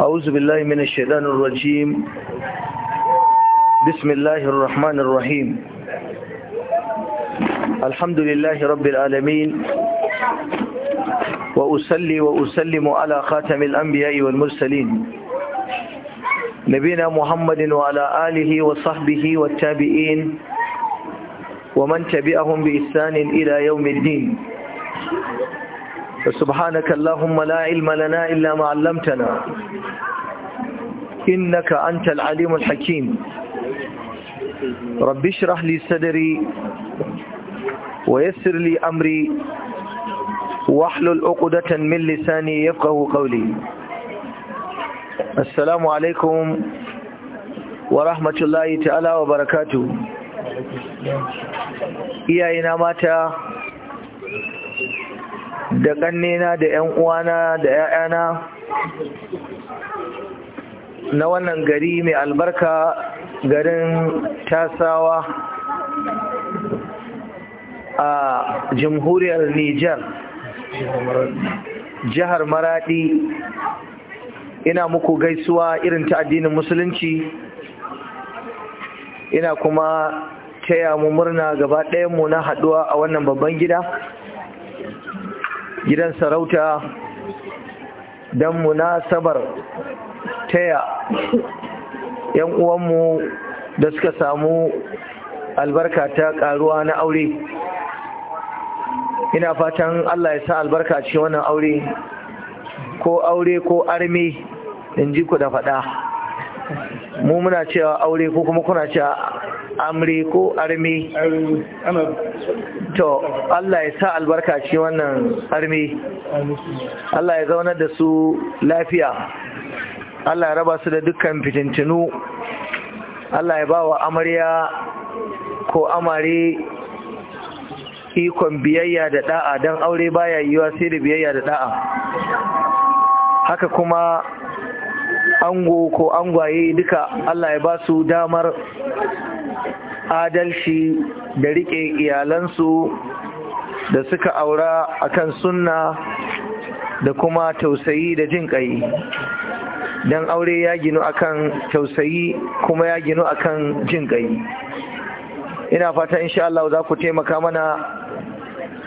أعوذ بالله من الشيطان الرجيم بسم الله الرحمن الرحيم الحمد لله رب العالمين وأسلي وأسلم على خاتم الأنبياء والمرسلين نبينا محمد وعلى آله وصحبه والتابعين ومن تبعهم بإحسان إلى يوم الدين فسبحانك اللهم لا علم لنا إلا ما علمتنا إنك أنت العليم الحكيم رب اشرح لي صدري ويسر لي أمري واحلل عقدة من لساني يفقه قولي السلام عليكم ورحمة الله تعالى وبركاته إياينا ماتا da ƙannena da 'yan uwana da 'ya'yana na wannan gari mai albarka garin tasawa a jamhuriyar Nijar jihar Maraɗi, ina muku gaisuwa irin ta addinin musulunci ina kuma taya mu murna gaba mu na haɗuwa a wannan babban gida gidan sarauta don munasabar taya yan uwanmu da suka samu albarka ta karuwa na aure ina fatan Allah ya sa albarka cikin wannan aure ko aure ko arme in ji ku da faɗa mu muna cewa aure ko kuma kuna cewa Amri ko Armi? to Allah ya sa albarka shi wannan Armi. Allah ya zaunar da su lafiya Allah ya raba su da dukkan fitintinu Allah ya ba wa amarya ko amare ikon biyayya da da'a don aure baya yiwa sai da biyayya da da'a haka kuma ango ko angwaye duka Allah ya ba su damar adalci da riƙe iyalansu da suka aura akan sunna da kuma tausayi da jin ƙai don aure ya ginu akan tausayi kuma ya ginu akan jin ƙai ina fata insha Allah za ku taimaka mana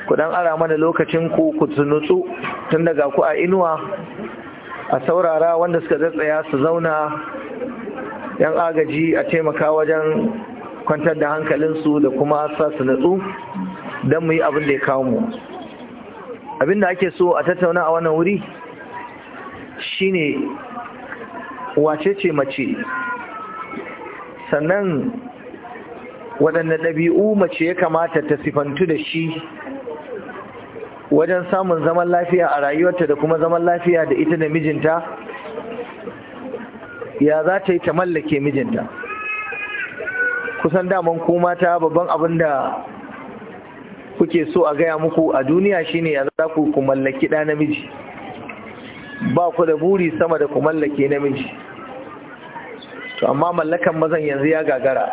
ku dan ara mana lokacin ku ku tunutsu tun daga ku a inuwa a saurara wanda suka zatsaya su zauna yan agaji a taimaka wajen kwantar da hankalinsu da kuma sa su natsu don mu yi abin da ya kawo mu abin da ake so a tattauna a wannan wuri shine wace ce mace sannan waɗanda ɗabi'u mace ya kamata ta sifantu da shi wajen samun zaman lafiya a rayuwarta da kuma zaman lafiya da ita da mijinta ya za ta yi ta mallake mijinta kusan daman ko mata babban abin da kuke so a gaya muku a duniya shine yanzu za ku ku mallaki ɗa namiji ba ku da buri sama da ku mallake namiji to amma mallakan mazan yanzu ya gagara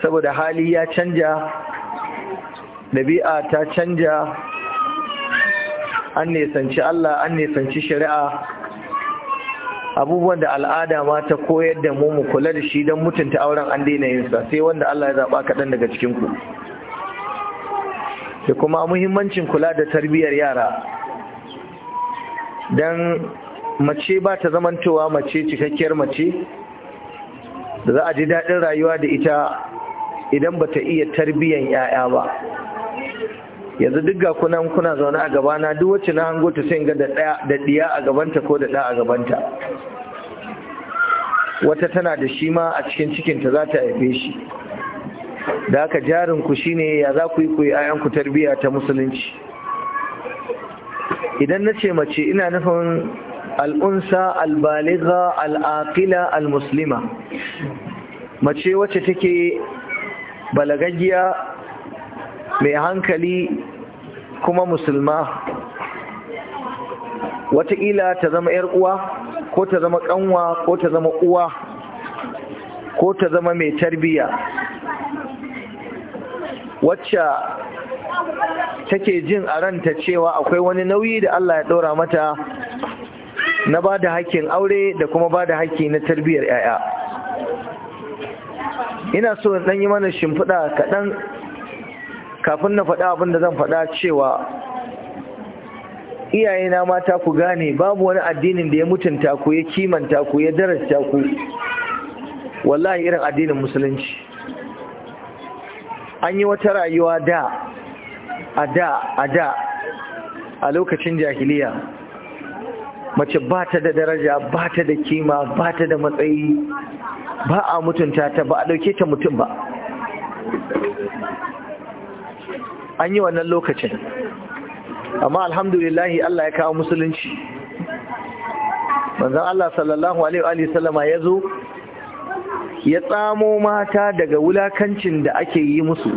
saboda hali ya canja ɗabi'a ta canja an nesanci Allah an nesanci shari'a abubuwan da al'ada ma ta koyar da mu mu kula da shi don mutunta auren an daina yin sa sai wanda Allah ya zaba kaɗan daga cikin ku da kuma muhimmancin kula da tarbiyyar yara don mace ba ta zamantowa mace cikakkiyar mace da za a ji daɗin rayuwa da ita idan ba ta iya tarbiyyar 'ya'ya ba yanzu duk ga kunan kuna zaune a gabana duk wacce na hango ta sai ga da ɗiya a gabanta ko da ɗa a gabanta wata tana da shi ma a cikin cikinta za ta haife shi da haka jarinku ne ya za ku yi koyi ayanku tarbiyya ta musulunci idan na ce mace ina nufin al'unsa albaliga al'aƙila al-muslima mace wacce take balagaggiya mai hankali kuma musulma wataƙila ta zama 'yar uwa ko ta zama ƙanwa ko ta zama uwa ko ta zama mai tarbiyya wacce take jin a ranta cewa akwai wani nauyi da Allah ya ɗora mata na ba da haƙƙin aure da kuma ba da haƙƙi na tarbiyyar 'ya'ya ina so in yi mana shimfiɗa kaɗan kafin na faɗa abin da zan faɗa cewa iyayena mata ku gane babu wani addinin da ya mutunta ku ya kimanta ku ya darasta ku wallahi irin addinin musulunci an yi wata rayuwa da a da a da a lokacin jahiliya mace ba ta da daraja ba ta da kima ba ta da matsayi ba a mutunta ta ba a ɗauke ta mutum ba an yi wannan lokacin amma alhamdulillah Allah ya kawo musulunci manzon Allah sallallahu alaihi wa sallama ya zo ya tsamo mata daga wulakancin da ake yi musu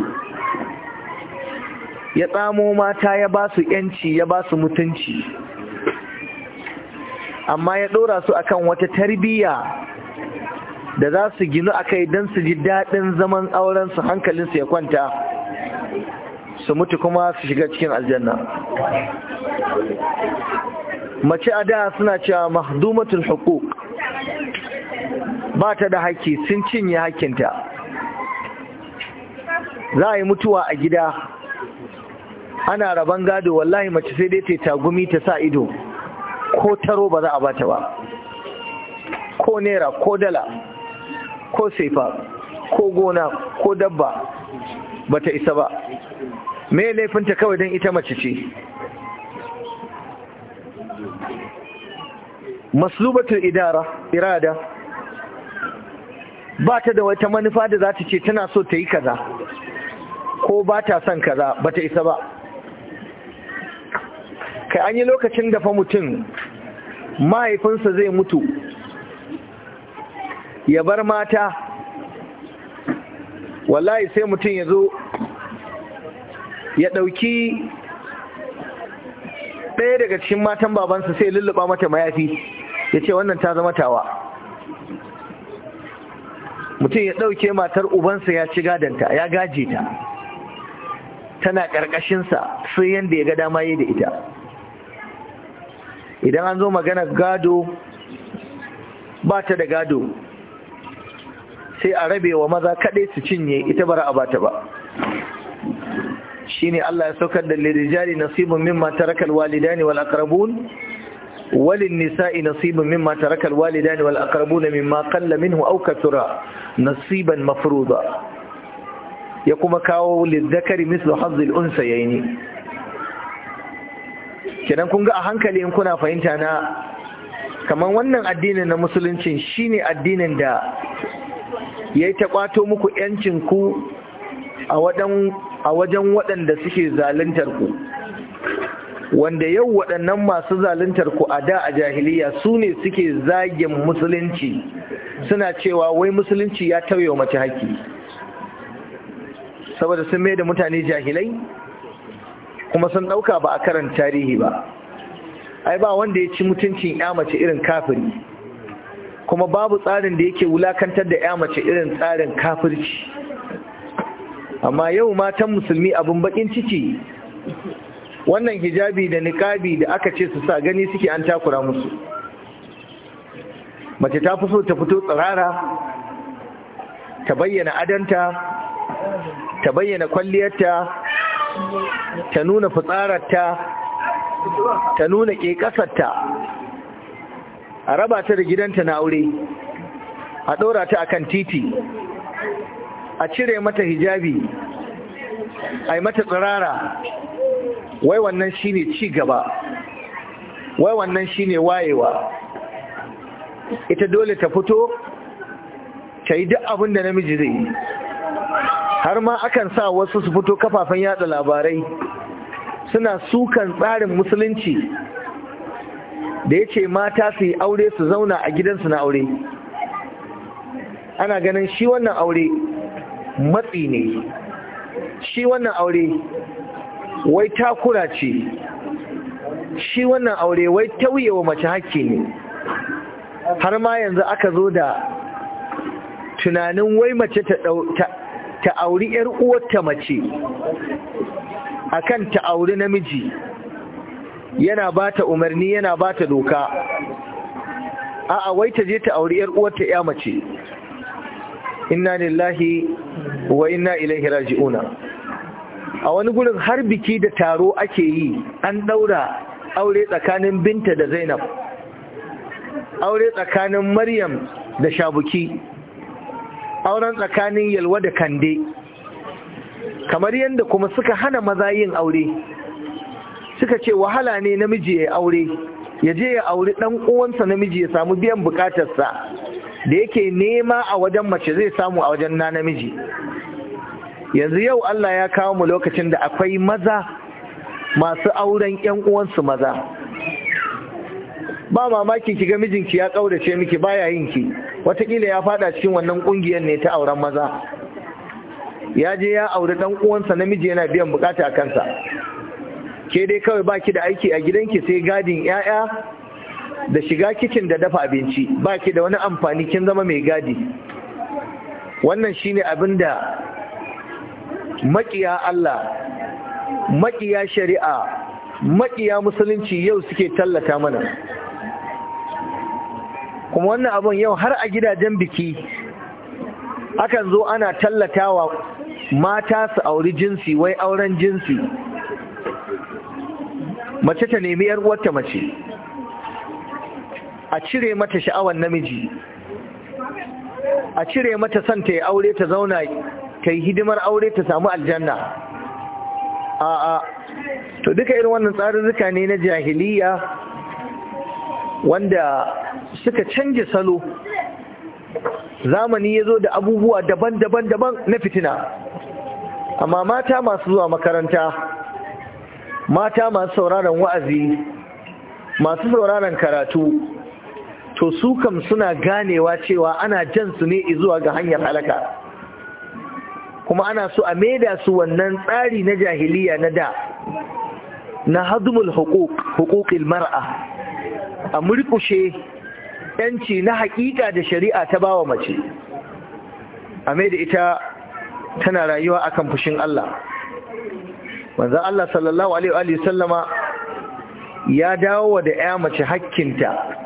ya tsamo mata ya ba su yanci ya ba su mutunci amma ya ɗora su akan wata tarbiyya da za su ginu a kai don su ji daɗin zaman aurensu hankalinsu ya kwanta su mutu kuma su shiga cikin aljanna mace a da suna cewa mahdumatul hukuk ba ta da haƙƙi sun cinye haƙƙinta za a yi mutuwa a gida ana raban gado wallahi mace sai dai ta tagumi ta sa ido ko taro ba za a bata ba ko nera, ko dala ko saifa ko gona ko dabba ba ta isa ba me laifinta kawai don ita mace ce maslubatul idara irada ba ta da wata manufa da za ta ce tana so ta yi kaza ko ba ta son kaza ba ta isa ba kai an yi lokacin dafa mutum mahaifinsa zai mutu ya bar mata wallahi sai mutum ya zo ya ɗauki ɗaya daga cikin matan babansa sai lulluɓa mata mayafi ya ce wannan ta zama tawa mutum ya ɗauke matar ubansa ya ci gadanta ya gaje ta tana ƙarƙashinsa sai yadda ya ga dama yi da ita idan an zo magana gado ba ta da gado sai a rabe wa maza kaɗai su cinye ita bara a bata ba shine Allah ya saukar da lirijali nasibun mimma tarakal walidani wal aqrabun walin nisa'i nasibun mimma tarakal walidani wal min mimma qalla minhu aw kathura nasiban mafruḍa ya kuma kawo lizzakari mislu hazzil unsayaini kenan kun ga a hankali in kuna fahimta na kamar wannan addinin na musuluncin shine addinin da ya yi ta kwato muku yancin ku a wajen waɗanda suke zaluntar ku wanda yau waɗannan masu zaluntar ku a da a jahiliya su ne suke zagin musulunci suna cewa wai musulunci ya tauye wa mace haƙƙi saboda sun mai da mutane jahilai kuma sun ɗauka ba a karanta tarihi ba ai ba wanda ya ci mutuncin ya mace irin kafiri kuma babu tsarin da yake wulakantar da ya mace irin tsarin kafirci amma yau matan musulmi abin bakin ciki wannan hijabi da niƙabi da aka ce su sa gani suke an takura musu mace ta fi so ta fito tsirara ta bayyana adanta ta bayyana kwalliyarta ta nuna fitsararta ta nuna ƙeƙasarta a rabata da gidanta na aure a ɗora ta kan titi a cire mata hijabi a yi mata tsirara wai wannan ne ci gaba wai wannan shi ne wayewa ita dole ta fito ta yi duk abin da namiji zai yi har ma akan sa wasu su fito kafafen yada labarai suna sukan tsarin musulunci da ya ce mata su yi aure su zauna a gidansu na aure ana ganin shi wannan aure matsi ne shi wannan aure wai takura ce shi wannan aure wai tauyewa mace hakki ne har ma yanzu aka zo da tunanin wai mace ta auri yar uwarta mace akan ta auri namiji yana ba ta umarni yana ba ta doka a'a wai ta je ta auri yar uwarta ya mace inna lillahi wa inna ilaihi raji'una a wani gurin har biki da taro ake yi an daura aure tsakanin binta da zainab aure tsakanin maryam da shabuki auren tsakanin yalwa da kande kamar yadda kuma suka hana maza yin aure suka ce wahala ne namiji ya aure ya je ya auri ɗan uwansa namiji ya samu biyan bukatarsa da yake nema a wajen mace zai samu a wajen na namiji yanzu yau Allah ya kawo mu lokacin da akwai maza masu auren 'yan uwansu maza ba mamaki ga mijinki ya ƙaurace miki baya yinki watakila ya fada cikin wannan ƙungiyar ne ta auren maza ya je ya auri ɗan uwansa namiji yana biyan bukata a kansa ke dai kawai baki da aiki a gidanki sai gadin 'ya'ya da shiga kicin da dafa abinci ba ki da wani amfani kin zama mai gadi wannan shine abin da maƙiya Allah makiya shari'a makiya musulunci yau suke tallata mana kuma wannan abin yau har a gidajen biki akan zo ana tallata wa mata su auri jinsi wai auren jinsi mace ta nemi yar uwarta mace a cire mata sha'awar namiji a cire mata son ta yi aure ta zauna ta yi hidimar aure ta samu aljanna a'a to duka irin wannan tsarurruka ne na jahiliya wanda suka canje salo zamani ya zo da abubuwa daban-daban daban na fitina amma mata masu zuwa makaranta mata masu sauraron wa'azi masu sauraron karatu to su kam suna ganewa cewa ana jan su ne zuwa ga hanyar halaka kuma ana so a maida su wannan tsari na jahiliya na da na hadumul hukukil mar'a a murkushe yanci na hakika da shari'a ta bawa mace a maida ita tana rayuwa akan fushin Allah manzo Allah sallallahu alaihi wa ya dawo da ya mace hakkinta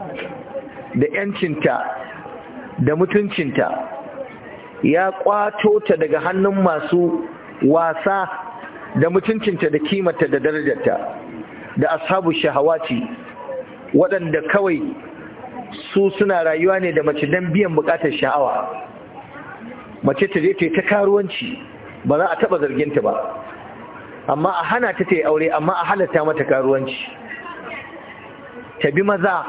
da ‘yancinta da mutuncinta ya ƙwato ta daga hannun masu wasa da mutuncinta da kimata da darajarta da ashabu shahawaci waɗanda kawai su suna rayuwa ne da mace don biyan buƙatar sha'awa mace ta je ta ta karuwanci ba za a taɓa zarginta ba amma a hana ta ta yi aure amma a halatta mata karuwanci ta bi maza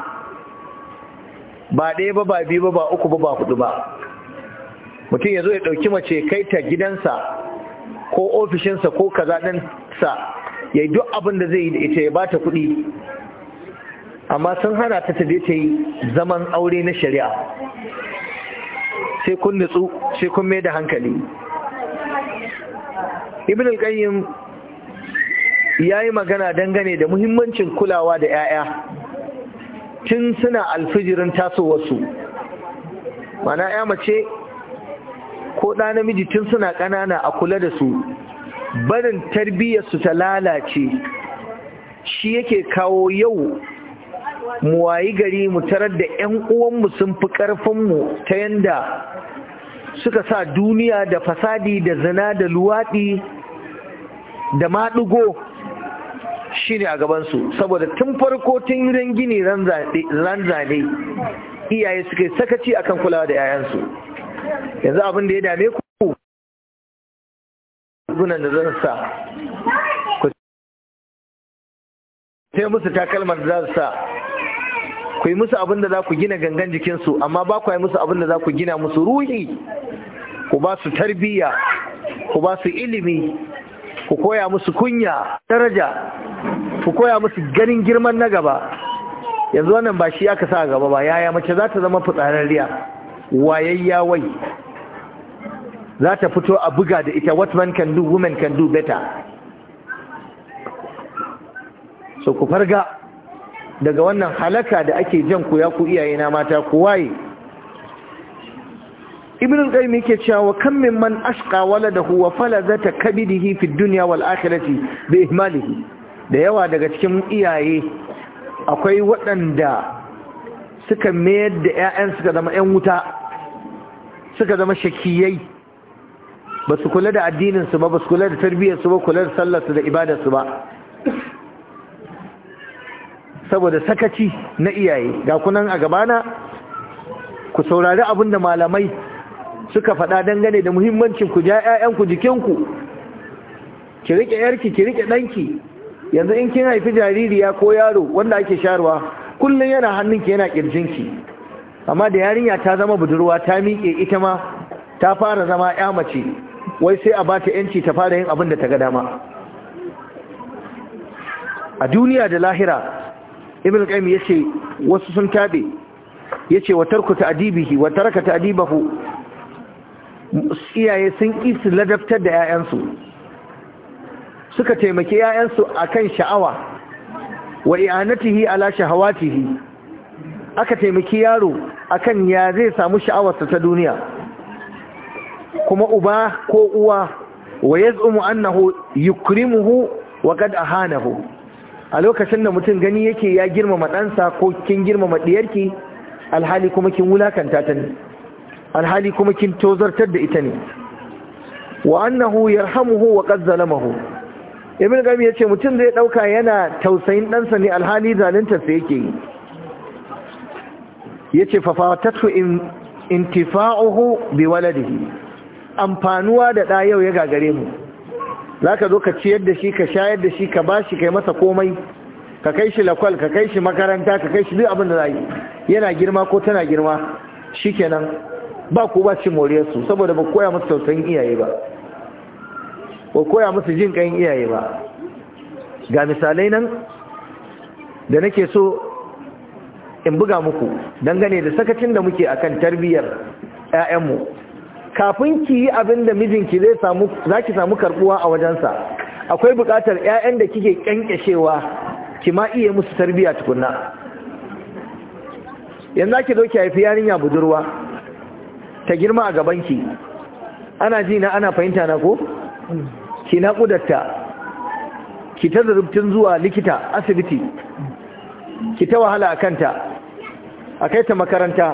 ba ɗaya ba ba biyu ba ba uku ba ba hudu ba mutum ya zo ya ɗauki mace kai ta gidansa ko ofishinsa ko kaza sa ya yi duk abin da zai yi da ita ya ba ta kuɗi amma sun hana ta taje ta yi zaman aure na shari'a sai kun nutsu sai kun mai da hankali ibn al ya yi magana dangane da muhimmancin kulawa da 'ya'ya tun suna alfijirin tasowarsu mana ya mace ko ɗa namiji tun suna ƙanana a kula da su barin tarbiyyarsu ta lalace shi yake kawo yau mu wayi gari mu tarar da 'yan uwanmu sun fi ƙarfinmu ta yanda suka sa duniya da fasadi da zina da luwaɗi da maɗugo ne a gabansu saboda tun farko tun ran gini ran zane iyaye suka yi sakaci akan kulawa da 'ya'yansu yanzu abin da ya dame ku gunan da zan sa ku sai musu takalmar da za su sa ku yi musu abin da za ku gina gangan jikinsu amma ba ku yi musu abin da za ku gina musu ruhi ku ba su tarbiyya ku ba su ilimi ku koya musu kunya daraja ku koya musu ganin girman na gaba yanzu wannan ba shi aka sa gaba ba yaya mace za ta zama fitsararriya wayayya wai za ta fito a buga da ita what man can do women can do better so ku farga daga wannan halaka da ake jan ku ya ku iyaye na mata ku waye ibn al-qayyim yake cewa wa kam min man ashqa waladahu wa falazata kabidihi fi dunya wal akhirati bi ihmalihi da yawa daga cikin iyaye akwai waɗanda suka mayar da ƴaƴan suka zama ƴan wuta suka zama shakiyai ba su kula da addinin su ba ba su kula da tarbiyyar su ba kula da sallar su da ibadar su ba saboda sakaci na iyaye ga kunan a gabana ku saurari abinda malamai suka faɗa dangane da muhimmancin ku ja 'ya'yanku jikinku ki rike yarki ki rike ɗanki yanzu in kin haifi jaririya ko yaro wanda ake sharwa kullum yana hannunki yana ƙirjinki amma da yarinya ta zama budurwa ta miƙe ita ma ta fara zama 'ya mace wai sai a bata 'yanci ta fara yin abin da ta ga dama a duniya da lahira ibn qayyim yace wasu sun tabe yace wa adibihi wa taraka adibahu iyaye sun ƙi ladabtar da 'ya'yansu suka taimaki 'ya'yansu a kan sha'awa wa iyanatihi ala shahawatihi aka taimaki yaro akan ya zai samu sha'awarsa ta duniya kuma uba ko uwa wa ya yaz'umu annahu yukrimuhu wa qad ahanahu a lokacin da mutum gani yake ya girmama ɗansa ko kin girmama ɗiyarki alhali kuma kin wulakanta ta ne alhali kuma kin tozartar da ita ne wa annahu yarhamuhu wa qad zalamahu ibn gami yace mutum zai dauka yana tausayin ɗansa ne alhali zalunta sa yake yi yace fa fatatu in intifa'uhu bi waladihi amfanuwa da ɗa yau ya gagare mu zaka zo ka ciyar da shi ka shayar da shi ka bashi kai masa komai ka kai shi lakwal ka kai shi makaranta ka kai shi duk abin da zai yana girma ko tana girma shikenan ba ku ba ci moriyarsu saboda ba koya musu tausayin iyaye ba ba koya musu jin kayan iyaye ba ga misalai nan da nake so in buga muku dangane da sakacin da muke akan tarbiyyar 'ya'yanmu kafin ki yi abin da mijinki zai samu za samu karbuwa a wajensa akwai buƙatar 'ya'yan da kike kyankyashewa ki ma iya musu tarbiyya tukunna yanzu ki zo ki haifi yarinya budurwa ta girma a gabanki ana ji na ana fahimta na ko ki na kudatta ki ta zarubtun zuwa likita asibiti ki ta wahala a kanta a kai ta makaranta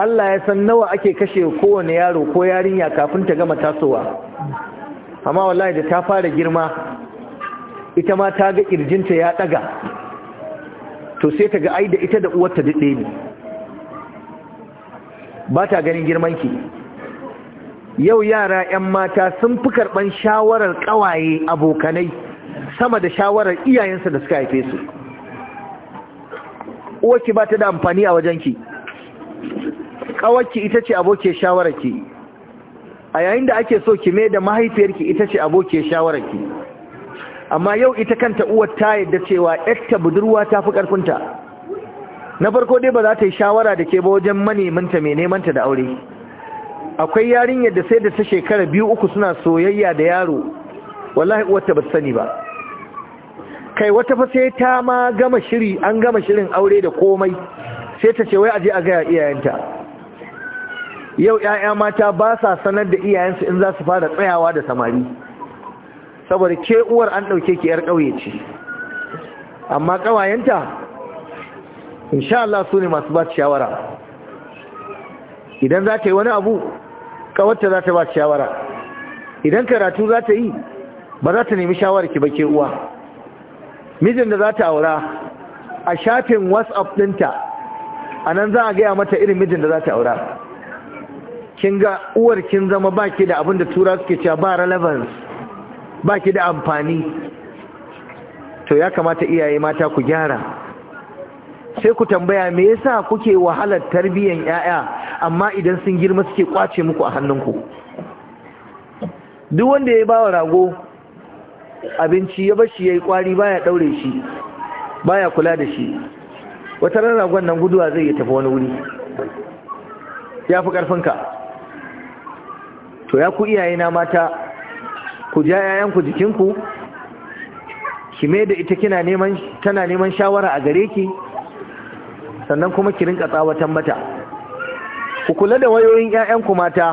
Allah ya san nawa ake kashe kowane yaro ko yarinya kafin ta gama tasowa amma wallahi da ta fara girma ita ma ta ga kirjinta ya daga to sai ta ga ai da ita da uwarta da ɗaya ne ba ta ganin ki. yau yara 'yan mata sun fi karɓar shawarar ƙawaye abokanai sama da shawarar iyayensu da suka haife su uwarki ba ta da amfani a wajenki ƙawarki ita ce abokiyar shawararki a yayin da ake so ki mai da mahaifiyarki ita ce abokiyar shawararki amma yau ita kanta uwar ta yadda cewa 'yarta budurwa ta fi ƙarfinta na farko dai ba za ta yi shawara da ke ba wajen manemanta mai nemanta da aure akwai yarinyar da sai da ta shekara biyu uku suna soyayya da yaro wallahi uwarta ba sani ba kai wata fa sai ta ma gama shiri an gama shirin aure da komai sai ta ce wai aje a gaya iyayenta yau 'ya'ya mata ba sa sanar da iyayensu in za su fara tsayawa da samari saboda ke uwar an ɗauke ki 'yar ƙauye ce amma ƙawayenta insha Allah su ne masu ba shawara idan za ta yi wani abu kawata za ta ba shawara idan karatu za ta yi ba za ta nemi shawarar ki ba ke uwa mijin da za ta aura a shafin whatsapp dinta a nan za a gaya mata irin mijin da za ta aura kin ga uwar kin zama baki da abin da tura suke cewa ba relevance baki da amfani to ya kamata iyaye mata ku gyara sai ku tambaya me yasa kuke wahalar tarbiyyar yaya amma idan sun girma suke kwace muku a hannunku duk wanda ya bawa rago abinci ya bashi yayi kwari baya daure shi baya kula da shi wata ran ragon nan guduwa zai yi tafi wani wuri ya fi karfinka to ya ku iyayena mata ku ja yayanku jikinku ki mai da ita kina neman tana neman shawara a gare ki sannan kuma ki rinka tsawatan mata ku kula da wayoyin 'ya'yanku mata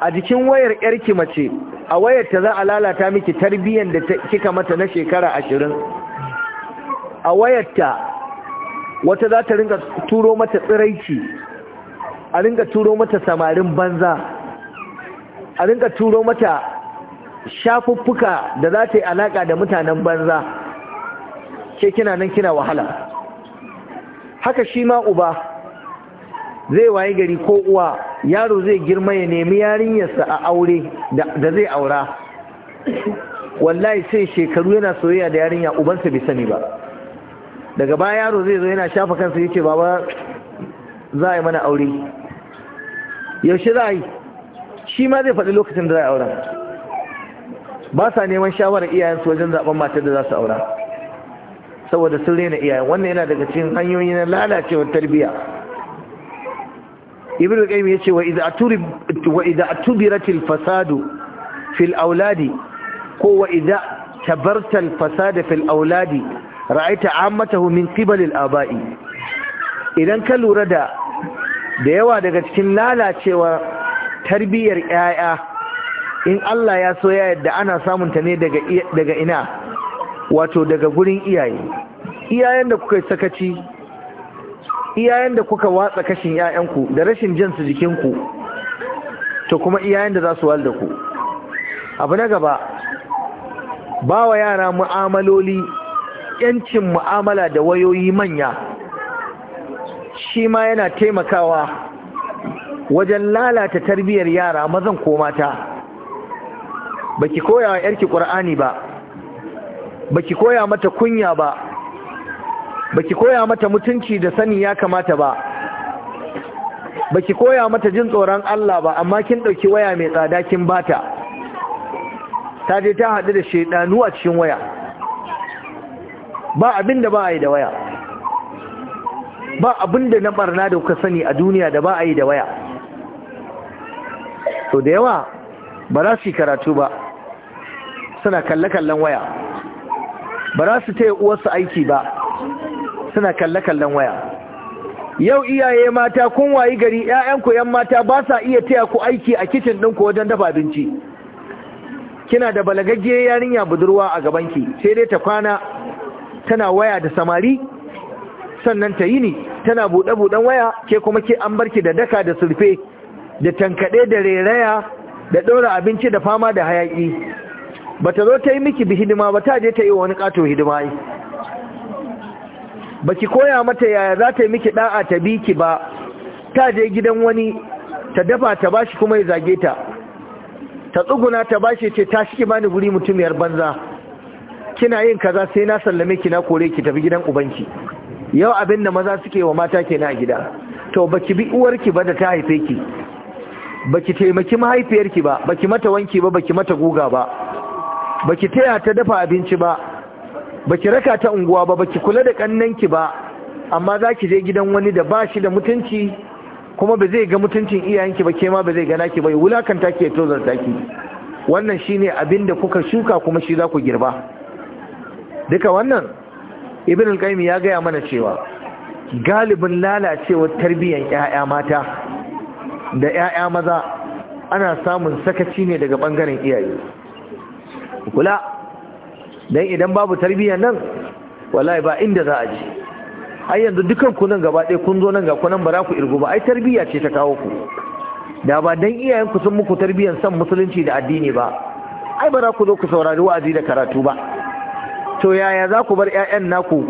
a jikin wayar yarki mace a wayar ta za a lalata miki tarbiyyar da kika mata na shekara ashirin a wayar ta wata za ta rinka turo mata tsiraici a rinka turo mata samarin banza a rinka turo mata shafuffuka da za ta yi alaka da mutanen banza ke kina nan kina wahala haka shi ma uba zai waye gari ko uwa yaro zai girma ya nemi yarinyarsa a aure da zai aura wallahi sai shekaru yana soyayya da yarinya ubansa bai sani ba daga baya yaro zai zo yana shafa kansa yace baba za a yi mana aure yaushe za a yi shi ma zai faɗi lokacin da za a aura ba sa neman shawarar iyayensu wajen zaɓen matar da za su aura saboda sun rena iyayen wannan yana daga cikin hanyoyi na lalacewar tarbiyya ibnu qayyim yace wa idza aturi wa idza atubiratil fasadu fil auladi ko wa idza tabarta al fasada fil auladi ra'aita ammatahu min qibal al aba'i idan ka lura da da yawa daga cikin lalacewar tarbiyyar yaya in Allah ya so ya yadda ana samunta ne daga ina wato daga gurin iyaye iyayen da kuka sakaci iyayen da kuka watsa kashin 'ya'yanku da rashin jin su jikinku to kuma iyayen da za su walda ku abu na gaba ba wa yara mu'amaloli yancin mu'amala da wayoyi manya shi ma yana taimakawa wajen lalata tarbiyyar yara mazan ko mata baki koya wa yarki qur'ani ba baki koya mata kunya ba baki koya mata mutunci da sani ya kamata ba baki koya mata jin tsoron Allah ba amma kin dauki waya mai tsada kin bata ta je ta hadu da shedanu a cikin waya ba abin da ba a yi da waya ba abin da na barna da kuka sani a duniya da ba a yi da waya so da yawa ba za su yi karatu ba suna kalle-kallen waya ba za su taya uwarsu aiki ba suna kalle-kallen waya yau iyaye mata kun wayi gari 'ya'yanku 'yan mata ba sa iya taya ku aiki a kicin ɗinku wajen dafa abinci kina da balagagge yarinya budurwa a gaban ki, sai dai ta kwana tana waya da samari sannan ta yi ni tana buɗe-buɗen waya ke kuma ke an barki da daka da surfe da tankaɗe da reraya da ɗora abinci da fama da hayaki. ba ta zo ta yi miki bi hidima ba ta je ta yi wani ƙato hidima yi baki koya mata yaya za ta yi miki da'a ta bi ki ba ta je gidan wani ta dafa ta bashi kuma ya zage ta ta tsuguna ta bashi ce ta ki bani guri mutumiyar banza kina yin kaza sai na sallame ki na kore ki tafi gidan ubanki yau abin da maza suke wa mata kenan a gida to baki bi uwarki ba da ta haife ki ki taimaki mahaifiyarki ba baki mata wanki ba baki mata guga ba baki taya ta dafa abinci ba baki raka ta unguwa ba baki kula da kannanki ba amma za ki je gidan wani da ba shi da mutunci kuma ba zai ga mutuncin iyayenki ba ke ma ba zai gana ki ba wulakanta ki ya tozarta ki wannan shine abin da kuka shuka kuma shi za ku girba duka wannan ibn al ya gaya mana cewa galibin lalacewar tarbiyyar 'ya'ya mata da 'ya'ya maza ana samun sakaci ne daga bangaren iyaye kula dan idan babu tarbiyya nan wallahi ba inda za a ji ai yanzu dukan ku nan gaba ɗaya kun zo nan ga ku nan ba ku irgu ba ai tarbiyya ce ta kawo ku da ba dan iyayen ku sun muku tarbiyyar san musulunci da addini ba ai ba ku zo ku saurari wa'azi da karatu ba to yaya za ku bar 'ya'yan naku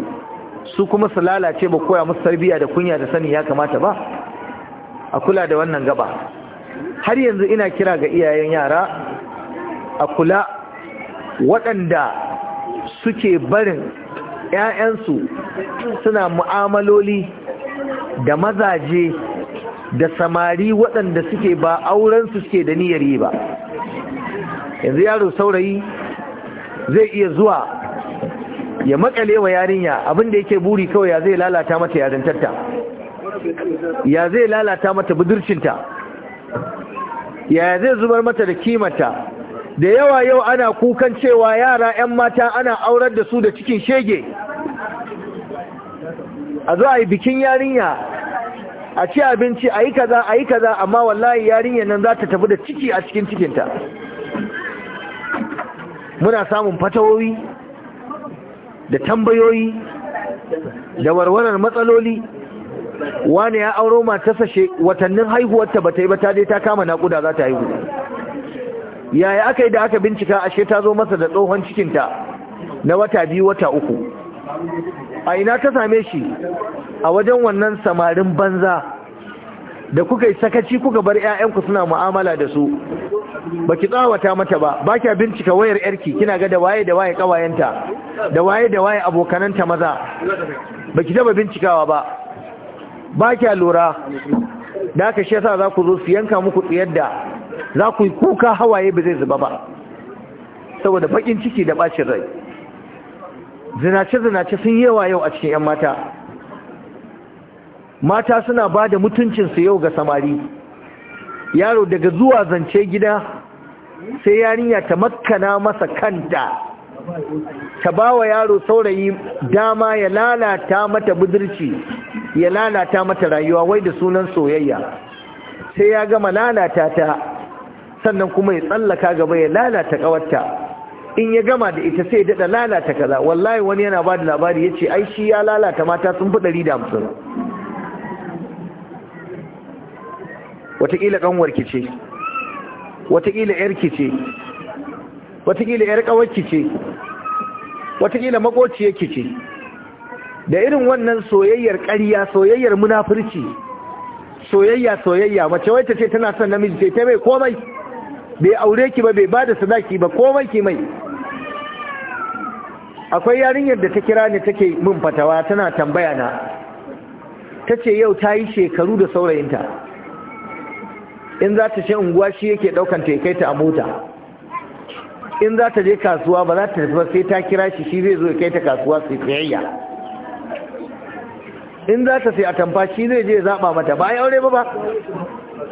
su kuma su lalace ba koya musu tarbiyya da kunya da sani ya kamata ba a kula da wannan gaba har yanzu ina kira ga iyayen yara a kula waɗanda suke barin 'ya'yansu suna mu'amaloli da mazaje da samari waɗanda suke ba aurensu suke da niyyar yi ba yanzu yaro saurayi zai iya zuwa ya makale wa yarinya abinda yake buri kawai ya zai lalata mata yarintarta ya zai lalata mata budurcinta ya zai zubar mata da kimata da yawa yau ana kukan cewa yara 'yan mata ana aurar da su da cikin shege a zo a yi bikin yarinya a ci abinci a yi kaza a yi kaza amma wallahi yarinyar nan za ta tafi da ciki a cikin cikinta muna samun fatawoyi da tambayoyi da warwarar matsaloli wane ya auro sashe watannin haihuwarta ba ta yi ba ta dai ta kama naƙuda za ta haihu yaya aka yi da aka bincika ashe ta zo masa da tsohon cikinta na wata biyu wata uku a ina ta same shi a wajen wannan samarin banza da kuka yi sakaci kuka bar 'ya'yanku suna mu'amala da su ba ki tsawata mata ba ba kya bincika wayar yarki kina ga da waye da waye kawayenta da waye da waye abokananta maza ba ki taba bincikawa ba ba kya lura da aka shi yasa za ku zo su yanka muku tsayar da za ku yi kuka hawaye ba zai zuba ba saboda bakin ciki da bacin rai zinace-zinace sun yawa yau a cikin 'yan mata mata suna ba da mutuncinsu yau ga samari yaro daga zuwa zance gida sai yarinya ta makkana masa kanta ta ba wa yaro saurayi dama ya lalata mata budurci ya lalata mata rayuwa wai da sunan soyayya sai ya gama lalata ta sannan kuma ya tsallaka gaba ya lalata kawarta in ya gama da ita sai daɗa lalata kaza wallahi wani yana ba da labari ya ce ai shi ya lalata mata sun fi ɗari da hamsin wataƙila ki ce wataƙila ki ce wataƙila ƙawar ki ce wataƙila ki ce da irin wannan soyayyar ƙarya soyayyar munafurci soyayya soyayya mace wai ce tana son namiji ce ta mai komai bai aure ki ba bai bada sadaki ba komai ki mai akwai yarinyar da ta kira ni take mun fatawa tana tambaya na tace yau ta yi shekaru da saurayinta in za ta ce unguwa shi yake daukan ta kai ta a mota in za ta je kasuwa ba za ta tafi sai ta kira shi shi zai zo kai ta kasuwa sai tsayayya in za ta sai atamfa shi zai je mata ba ya aure ba ba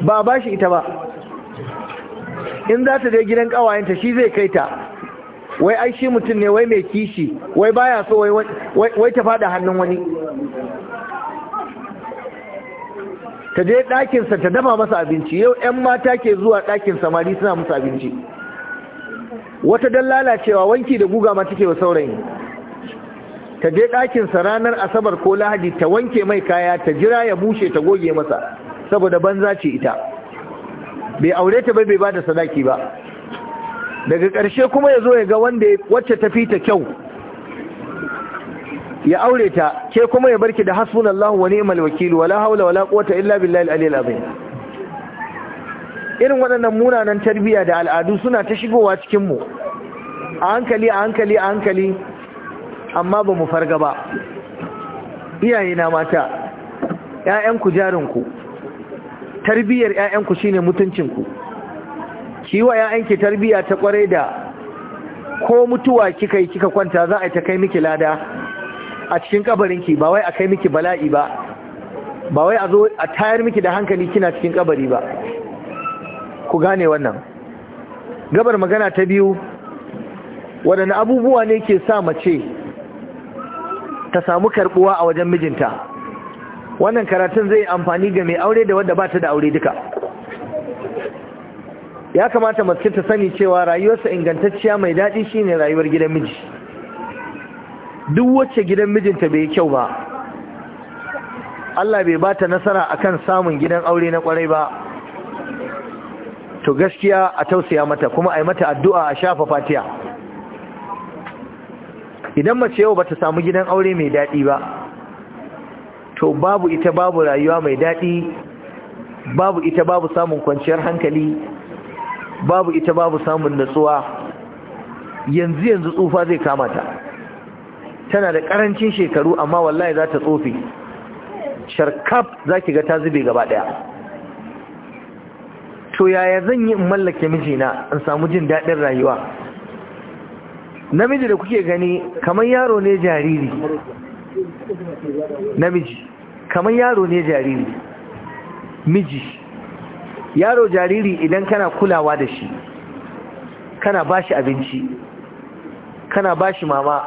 ba ba shi ita ba in za ta je gidan ƙawayenta shi zai kai ta wai ai shi mutum ne wai mai kishi wai baya so wai ta fada hannun wani ta je ɗakinsa ta dafa masa abinci yau 'yan mata ke zuwa ɗakin samari suna masa abinci wata don lalacewa wanki da guga ma take wa saurayi ta je ɗakinsa ranar asabar ko lahadi ta wanke mai kaya ta jira ya bushe ta goge masa saboda banza ce ita bai aure ta ba bai ba da sadaki ba daga ƙarshe kuma ya zo ya ga wanda wacce tafi ta kyau ya aure ta ke kuma ya barki da Allah wa ni'mal wakil wala haula wala quwwata illa billahi al-aliyyil azim irin waɗannan munanan tarbiyya da al'adu suna ta shigowa cikin mu a hankali a hankali a hankali amma ba mu farga ba iyayena mata ƴaƴan ku ku tarbiyyar 'ya'yanku shine mutuncinku ki wa 'ya'yanki tarbiyya ta kwarai da ko mutuwa kika yi kika kwanta za a ta kai miki lada a cikin kabarinki ba wai a kai miki bala'i ba ba wai a zo a tayar miki da hankali kina cikin kabari ba ku gane wannan gabar magana ta biyu waɗanne abubuwa ne ke sa mace ta samu karɓuwa a wajen mijinta wannan karatun zai amfani ga mai aure da wadda ba ta da aure duka ya kamata mace ta sani cewa rayuwarsa ingantacciya mai daɗi shine rayuwar gidan miji duk wacce gidan mijinta bai yi kyau ba Allah bai bata ta nasara kan samun gidan aure na kwarai ba to gaskiya a tausaya mata kuma a yi mata addu'a a shafa fatiya idan mace yau ba ta samu gidan aure mai daɗi ba to babu ita babu rayuwa mai daɗi babu ita babu samun kwanciyar hankali babu ita babu samun natsuwa yanzu yanzu tsufa zai kama ta tana da ƙarancin shekaru amma wallahi za ta tsofe sharkaf za ki ga ta zube gaba ɗaya to yaya zan yi in mallake mijina in samu jin daɗin rayuwa namiji da kuke gani kamar yaro ne jariri namiji kamar yaro ne jariri miji yaro jariri idan kana kulawa da shi kana ba shi abinci kana ba shi mama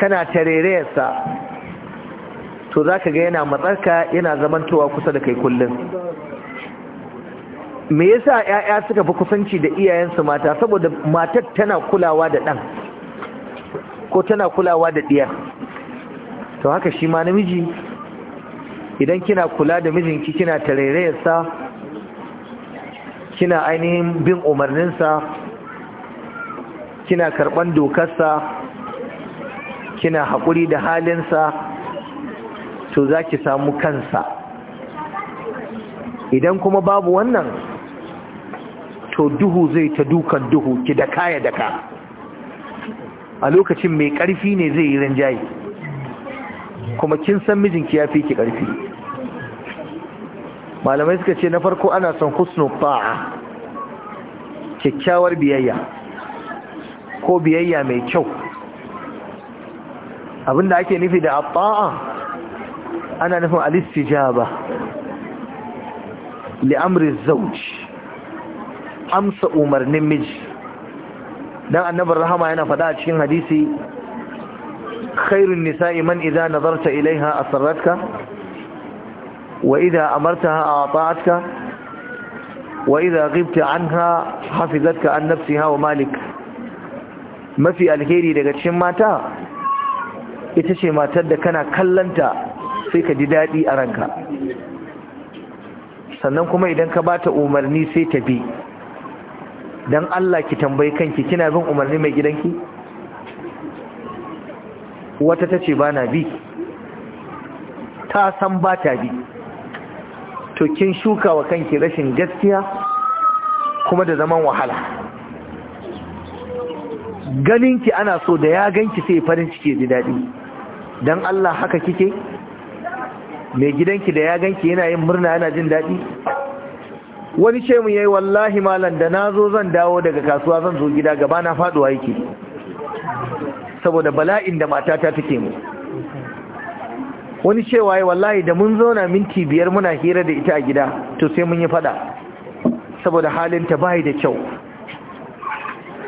kana tarerayarsa to za ka ga yana matsarka yana zamantowa kusa da kai kullum me yasa 'ya'ya suka fi kusanci da iyayensu mata saboda matar tana kulawa da ɗan ko tana kulawa da ɗiyar to haka shi ma namiji idan kina kula da mijinki kina sa, kina ainihin bin umarninsa kina karɓan dokarsa kina haƙuri da halinsa to za ki samu kansa idan kuma babu wannan to duhu zai ta dukan duhu ki da kaya daka a lokacin mai ƙarfi ne zai yi rinjaye kuma kin san mijinki ya fi ki ƙarfi malamai suka ce na farko ana son husnu ta'a kyakkyawar biyayya ko biyayya mai kyau abinda ake nufi da ta'a ana nufin alistijaba li'amri zauj amsa umarnin miji dan annabar rahama yana faɗa a cikin hadisi khairun nisa'i man idza nazarta ilaiha asarratka وإذا أمرتها أطاعتك وإذا غبت عنها حفظتك عن نفسها ومالك ما في الهيري daga cikin mata ita ce matar da kana ددادي sai ka ji daɗi a ranka sannan kuma idan ka bata umarni sai ta bi dan Allah ki tambayi kanki kina bin umarni mai gidanki wata tace bana bi ta san ba ta bi to kin shuka wa kanki rashin gaskiya kuma da zaman wahala ganinki ana so da ya ganki sai farin ciki ji daɗi don Allah haka kike mai gidanki da ya ganki yana yin murna yana jin daɗi wani ce mu yayi wallahi malam da nazo zan dawo daga kasuwa zan zo gida gaba na faduwa yake saboda bala'in da matata take mu wani cewa ya wallahi da mun zauna minti biyar muna hira da ita a gida to sai mun yi fada saboda halinta bai da kyau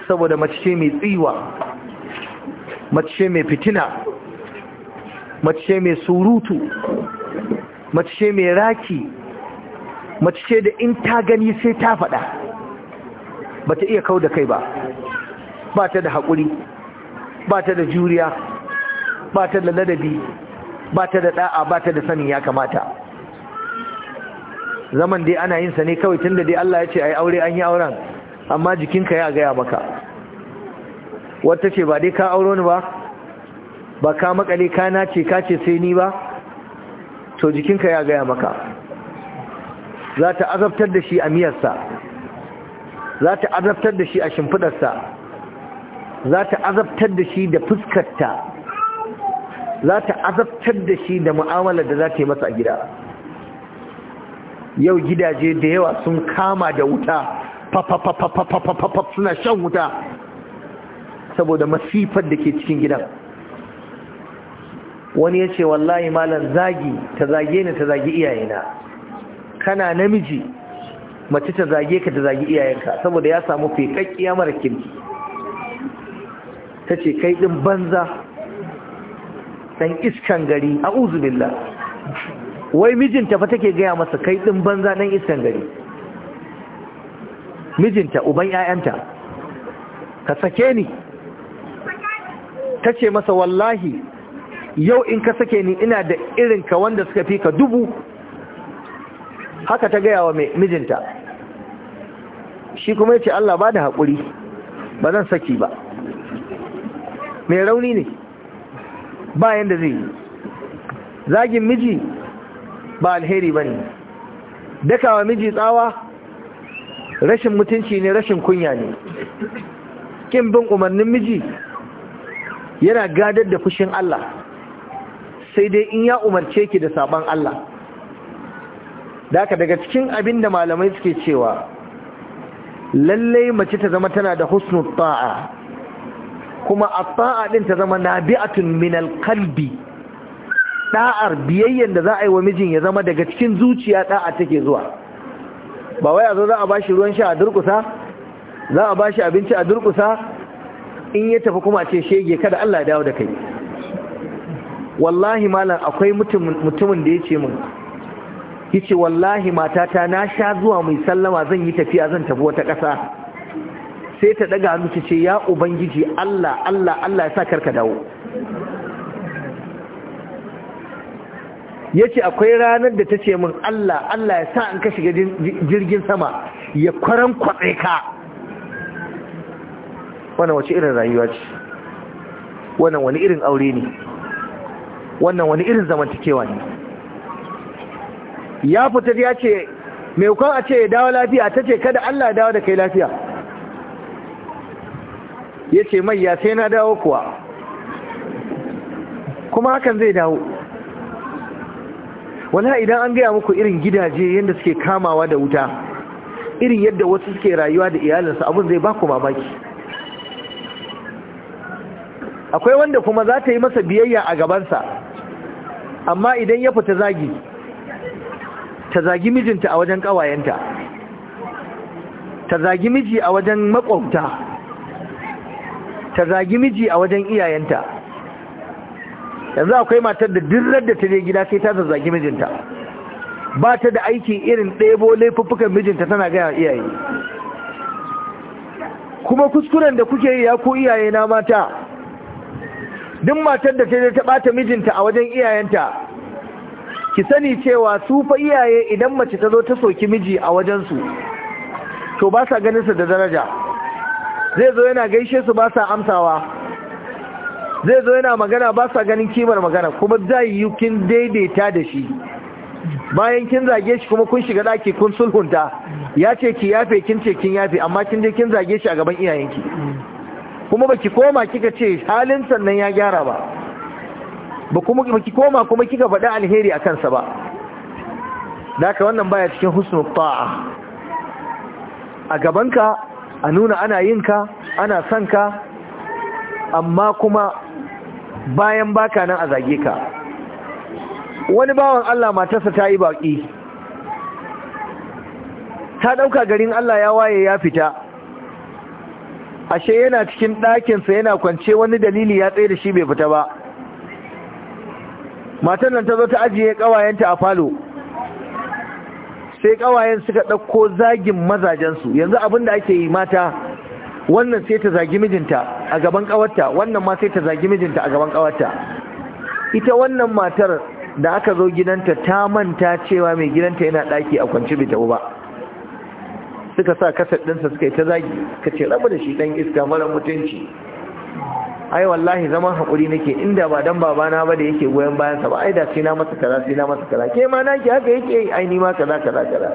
saboda mace mai tsiwa mace mai fitina mace mai surutu mace mai raki mace da in ta gani sai ta faɗa ba ta iya kau da kai ba ba ta da haƙuri ba ta da juriya ba ta da ladabi ba ta da da'a ba ta da sanin ya kamata zaman dai ana yin sa ne kawai tunda dai Allah ya ce ai aure an yi auren amma jikinka ya gaya maka wata ce ba dai ka auro ni ba ba ka makale ka nace ka ce sai ni ba to jikinka ya gaya maka za ta azabtar da shi a miyarsa za ta azabtar da shi a shimfidarsa za ta azabtar da shi da fuskarta za ta azabtar da shi da mu'amalar da za ta yi masa a gida yau gidaje da yawa sun kama da wuta suna shan wuta saboda masifar da ke cikin gidan wani ya ce wallahi malam zagi ta zage ni ta zage iyayena kana namiji mace ta zage ka ta zage iyayenka saboda ya samu fekakkiya mara kirki ta ce kai ɗin banza san iskan gari a'udhu billah wai mijinta fa take gaya masa kai din banza nan iskan gari mijinta uban 'ya'yanta ka sake ni tace masa wallahi yau in ka sake ni ina da irin ka wanda suka fi ka dubu haka ta gaya wa mijinta shi kuma ya ce Allah bada hakuri, haƙuri ba zan saki ba mai rauni ne ba yanda zai yi. zagin miji ba alheri ba ne. dakawa miji tsawa rashin mutunci ne rashin kunya ne kin bin umarnin miji yana gadar da fushin Allah sai dai in ya umarce ki da saban Allah daka daga cikin abin da malamai suke cewa lallai mace ta zama tana da husnul ta'a kuma a ɗin ta zama na bi’atun minal kalbi. ɗa'ar biyayyen da za a yi wa mijin ya zama daga cikin zuciya ɗa’a take zuwa ba wai a zo za a ba shi ruwan sha a durkusa za a ba shi abinci a durkusa in ya tafi kuma ce shege kada Allah ya dawo da kai wallahi malam akwai mutumin da ya ce min ce wallahi matata na sha zuwa mai sallama zan yi tafiya zan tafi wata ƙasa sai ta daga hannu ta ce ya ubangiji Allah Allah Allah ya sa karka dawo yace akwai ranar da ta ce min Allah Allah ya sa an ka shiga jirgin sama ya kwaran kwatse ka wannan wace irin rayuwa ce wannan wani irin aure ne wannan wani irin zamantakewa ne ya fitar ya ce mai kwan a ce ya dawo lafiya ta ce kada Allah ya dawo da kai lafiya ya ce mai ya sai na dawo kuwa kuma hakan zai dawo wala idan an gaya muku irin gidaje yadda suke kamawa da wuta irin yadda wasu suke rayuwa da iyalinsu abin zai baku mamaki akwai wanda kuma za ta yi masa biyayya a gabansa amma idan ya fita zagi ta zagi mijinta a wajen ƙawayenta ta zagi miji a wajen makwabta ta zagi miji a wajen iyayenta yanzu akwai matar da dirrar da ta gida sai ta zagi mijinta ba ta da aiki irin ɗebo laifuffukan mijinta tana gaya iyaye kuma kuskuren da kuke yi ya ku iyaye na mata duk matar da ta je ta ɓata mijinta a wajen iyayenta ki sani cewa su fa iyaye idan mace ta zo ta soki miji a wajensu to ba sa ganin su da daraja zai zo yana gaishe su ba sa amsawa zai zo yana magana ba sa ganin kimar magana kuma zai yi kin daidaita da shi bayan kin zage shi kuma kun shiga daki kun sulhunta ya ce ki yafe kin ce kin yafe amma kin je kin zage shi a gaban iyayenki kuma baki koma kika ce halin sannan ya gyara ba ba kuma baki koma kuma kika faɗi alheri a kansa ba da haka wannan baya cikin husnul ta'a a gabanka a nuna ana yin ka ana son ka amma kuma bayan baka nan a zage ka wani bawan Allah matarsa ta yi baki ta ɗauka garin Allah ya waye ya fita ashe yana cikin ɗakinsa yana kwance wani dalili ya tsaye da shi bai fita ba Matar nan ta zo ta ajiye ƙawayenta a falo sai kawayen suka ɗauko zagin mazajensu yanzu abin da ake yi mata wannan sai ta zagi mijinta a gaban ƙawarta wannan ma sai ta zagi mijinta a gaban ƙawarta ita wannan matar da aka zo gidanta ta manta cewa mai gidanta yana ɗaki a kwanci bai tabu ba suka sa kasar ɗinsa suka yi ta zagi ka ce rabu da shi ɗan iska mara mutunci ai wallahi zaman haƙuri nake inda ba dan babana ba da yake goyon bayan sa ba ai da sai na masa kaza sai na masa kaza ke ma naki haka yake ai ni ma kaza kaza kaza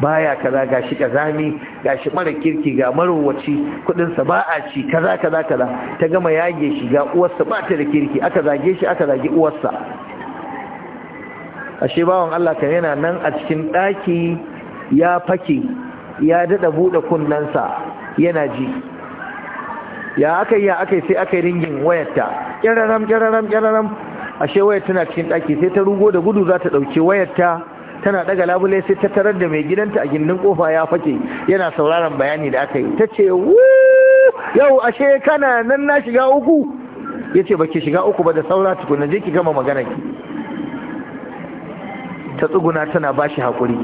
baya kaza gashi kazami gashi mara kirki ga marowaci kudin sa ba a ci kaza kaza kaza ta gama yage shi ga uwarsa ba ta da kirki aka zage shi aka zage uwarsa ashe bawan Allah kan yana nan a cikin daki ya fake ya dada bude kunnansa yana ji ya aka yi ya aka sai aka yi ringin wayarta ƙyararam ƙyararam ƙyararam ashe wayar tana cikin ɗaki sai ta rugo da gudu za ta ɗauki wayarta tana daga labule sai ta tarar da mai gidanta a gindin kofa ya fake yana sauraron bayani da aka yi ta ce yau ashe kana nan na shiga uku ya ce baki shiga uku ba da saura tukuna je ki gama magana ki ta tsuguna tana bashi haƙuri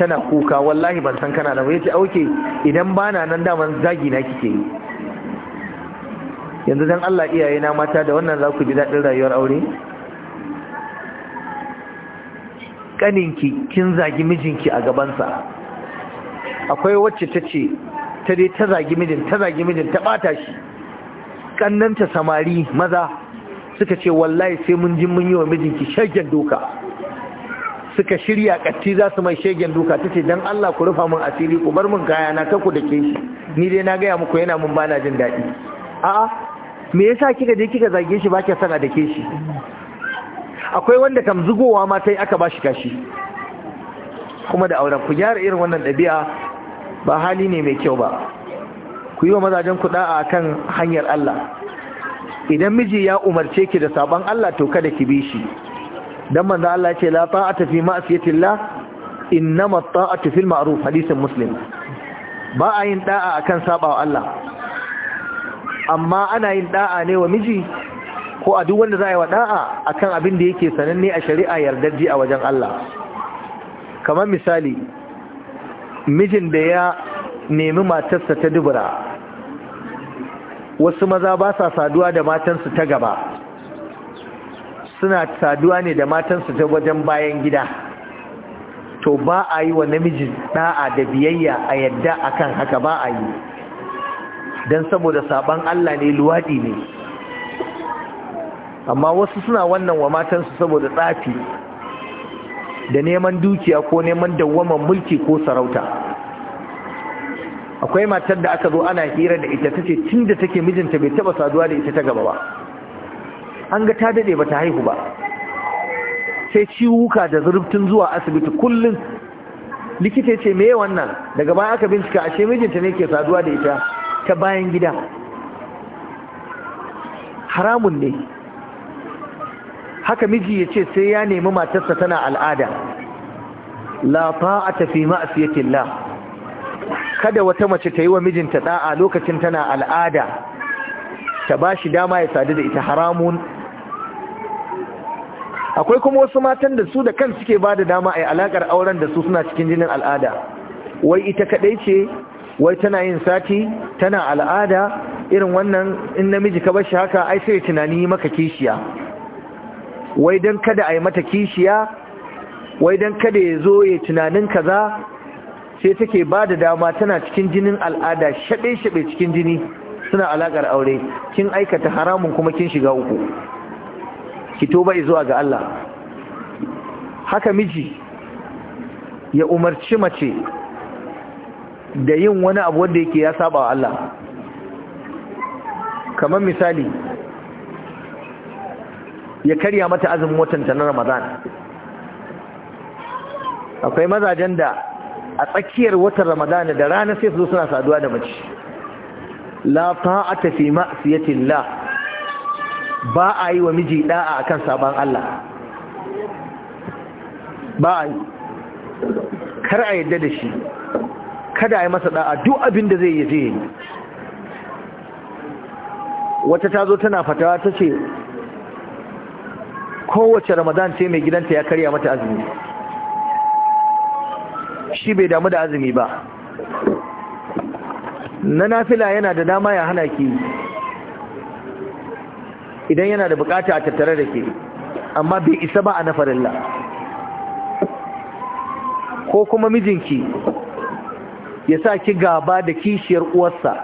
tana kuka wallahi ban san kana da ya ce auke idan bana nan daman zagi na kike yi yanzu don Allah iyaye na mata da wannan za ku ji daɗin rayuwar aure ƙaninki kin zagi mijinki a gabansa akwai wacce ta ce ta dai ta zagi mijin ta zagi mijin ta ɓata shi ƙannanta samari maza suka ce wallahi sai mun ji mun yi wa mijinki shagen doka suka shirya katti za su mai shagen doka ta ce don Allah ku rufa mun asiri ku bar min kayana ta ku da ke shi ni dai na gaya muku yana mun bana jin daɗi me yasa kika je kika zage shi ba kya sana a dake shi akwai wanda kam zugowa ma sai aka bashi kashi kuma da auren ku gyara irin wannan ɗabi'a ba hali ne mai kyau ba ku yi wa mazajen kuɗa a kan hanyar Allah idan miji ya umarce ki da sabon Allah to kada ki bi shi dan manzo Allah ce la ta'ata fi ma'siyatillah innamat ta'atu fil ma'ruf hadisin muslim ba a yin da'a akan sabawa Allah amma ana yin da'a ne wa miji ko a duk wanda za a yi wa da'a akan abin da yake sananne a shari'a yardaji a wajen Allah kamar misali mijin da ya nemi matarsa ta dubura wasu maza ba sa saduwa da matansu ta gaba suna saduwa ne da matansu ta wajen bayan gida to ba a yi wa namijin da'a da biyayya a yadda akan haka ba a yi don saboda saban Allah ne luwaɗi ne amma wasu suna wannan wa matansu saboda tsafi da neman dukiya ko neman dawwaman mulki ko sarauta akwai matar da aka zo ana hira da ita tace tun take mijinta bai taba saduwa da ita ta gaba ba an ga ta dade bata haihu ba sai ciwuka da zurfin zuwa asibiti kullum likita ce me wannan daga baya aka bincika ashe mijinta ne ke saduwa da ita ta bayan gida haramun ne haka miji ya ce sai ya nemi matarsa tana al'ada la ta'ata fi la kada wata mace ta yi wa mijinta da'a lokacin tana al'ada ta ba shi dama ya sadu da ita haramun akwai kuma wasu matan da su da kan suke ba da dama a yi alakar auren da su suna cikin jinin al'ada wai ita kaɗai ce wai tana yin sati tana al'ada irin wannan in namiji ka bashi haka ai sai tunani maka kishiya wai don kada a mata kishiya wai don kada ya zo ya tunanin kaza sai take ba da dama tana cikin jinin al'ada shaɓe-shaɓe cikin jini suna alaƙar aure kin aikata haramun kuma kin shiga uku ki toba zuwa ga Allah haka miji ya umarci mace da yin wani abu wanda yake ya saba wa Allah kamar misali ya karya mata azumin watanta na Ramadan akwai mazajen da a tsakiyar watan Ramadan da rana sai su zo suna saduwa da mace la ta'ata fi ma'siyatillah ba a yi wa miji da'a akan saban Allah ba a yi kar a yadda da shi kada yi masa da'a duk abin da zai yi zai yi wata ta zo tana fatawa ta ce kowace ramadan ce mai gidanta ya karya mata azumi shi bai damu da azumi ba na nafila yana da dama ya hana ki idan yana da bukata a tattare da ke amma bai isa ba a na nafarilla ko kuma mijinki ya sa ki gaba da kishiyar uwarsa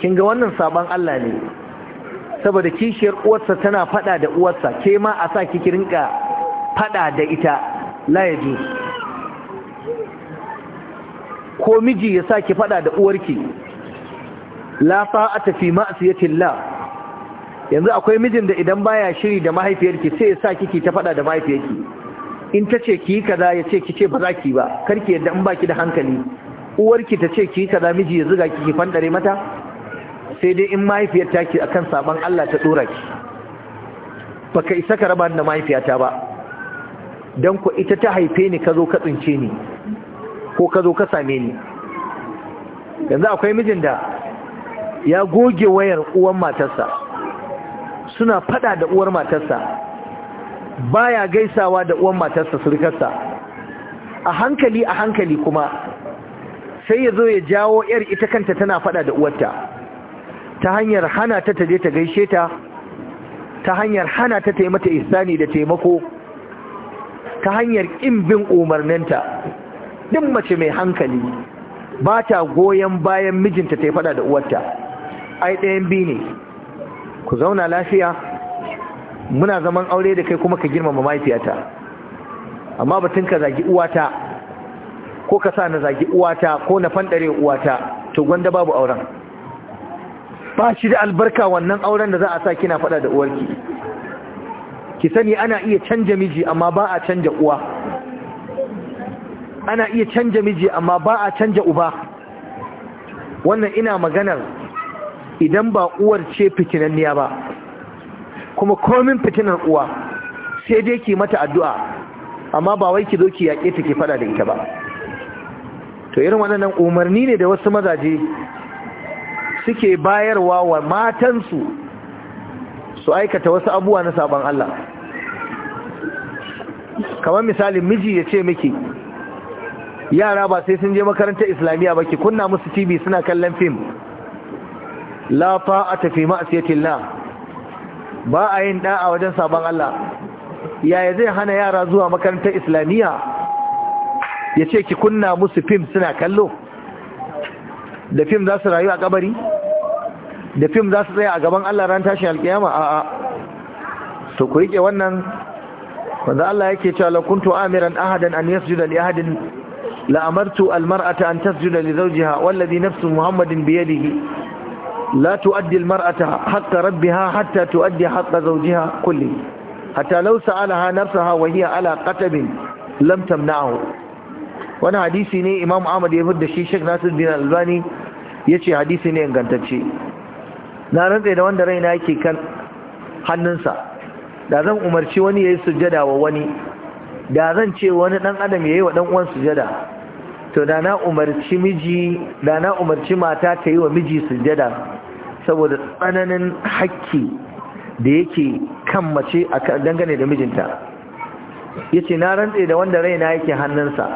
kin ga wannan sabon Allah ne saboda kishiyar uwarsa tana fada da uwarsa ke ma a sa ki rinka fada da ita la ko miji ya sa ki fada da uwarki la sa'ata fi ma'siyatillah yanzu akwai mijin da idan baya shiri da mahaifiyarki sai ya sa kiki ta fada da mahaifiyarki in ta ce ki yi kaza ya ce ki ce ba za ki ba karki yadda in baki da hankali uwarki ta ce ki yi kaza miji ya zuga ki ki fandare mata sai dai in mahaifiyar ta ki akan saban Allah ta dora ki baka isa ka raba da mahaifiyata ba dan ku ita ta haife ni ka zo ka tsince ni ko ka zo ka same ni yanzu akwai mijin da ya goge wayar uwar matarsa suna fada da uwar matarsa baya gaisawa da uwan matarsa surukarsa a hankali a hankali kuma sai ya zo ya jawo yar ita kanta tana fada da uwarta ta hanyar hana ta taje ta gaishe ta ta hanyar hana ta taimata isani da taimako ta hanyar ƙin bin umarninta ɗin mace mai hankali ba ta goyon bayan mijinta ta yi fada da uwarta ai ɗayan bi ne ku zauna lafiya muna zaman aure da kai kuma ka girmama mahaifiyata amma batun ka zagi uwata ko ka sa na zagi uwata ko na fandare uwata to gwanda babu auren ba shi da albarka wannan auren da za a sa kina fada da uwarki ki sani ana iya canja miji amma ba a canja uwa ana iya canja miji amma ba a canja uba wannan ina maganar idan ba uwar ce fitinanniya ba kuma komin fitinan uwa sai dai ki mata addu'a amma ba wai ki zo ki yaƙe ta fada faɗa da ita ba to irin waɗannan umarni ne da wasu mazaje suke bayarwa wa matansu su aikata wasu abubuwa na sabon Allah kamar misalin miji ya ce miki yara ba sai sun je makarantar islamiyya ba ki kunna musu tv suna kallon fim la fa'ata fi ma'siyatillah ba a yin da'a wajen sabon Allah yaya zai hana yara zuwa makarantar islamiyya ya ce ki kunna musu fim suna kallo da fim za su rayu a kabari da fim za su tsaya a gaban Allah ran tashin alkiyama a'a to ku rike wannan wanda Allah yake cewa la kuntu amiran ahadan an yasjuda li ahadin la amartu al mar'ata an tasjuda li zawjiha wallazi nafsu muhammadin bi yadihi لا تؤدي المرأة حق ربها حتى تؤدي حق زوجها كله حتى لو سألها نفسها وهي على hadisi ne Imam Ahmad ya ني امام احمد يفد شي شيخ ناصر الدين الالباني yace hadisi ne ingantacce na rantsa da wanda raina yake kan hannunsa da zan umarci wani yayi sujada wa wani da zan ce wani dan adam yi wa dan uwan sujada to da na umarci miji da na umarci mata ta yi wa miji sujjada saboda tsananin hakki da yake kan mace a dangane da mijinta Ya ce na rantse da wanda raina yake hannunsa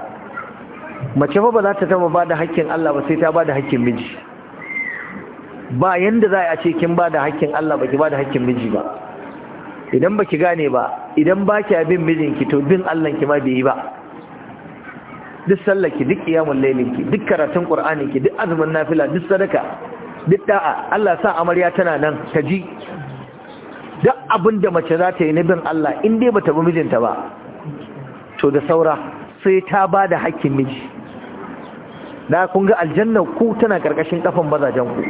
mace fa ba za ta taba ba da hakkin Allah ba sai ta ba da hakkin miji ba yanda za a ce kin ba da hakkin Allah ba ki ba da hakkin miji ba idan ba ki gane ba idan ba ki abin mijinki to bin Allah ki ma bai yi ba duk ki, duk iyamun ki, duk karatun ki, duk azumin nafila duk sadaka duk da'a Allah sa amarya tana nan ta ji duk abin da mace za ta yi na bin Allah in dai bata bi mijinta ba to da saura sai ta ba da hakkin miji da kun ga aljanna ku tana karkashin kafan bazajen ku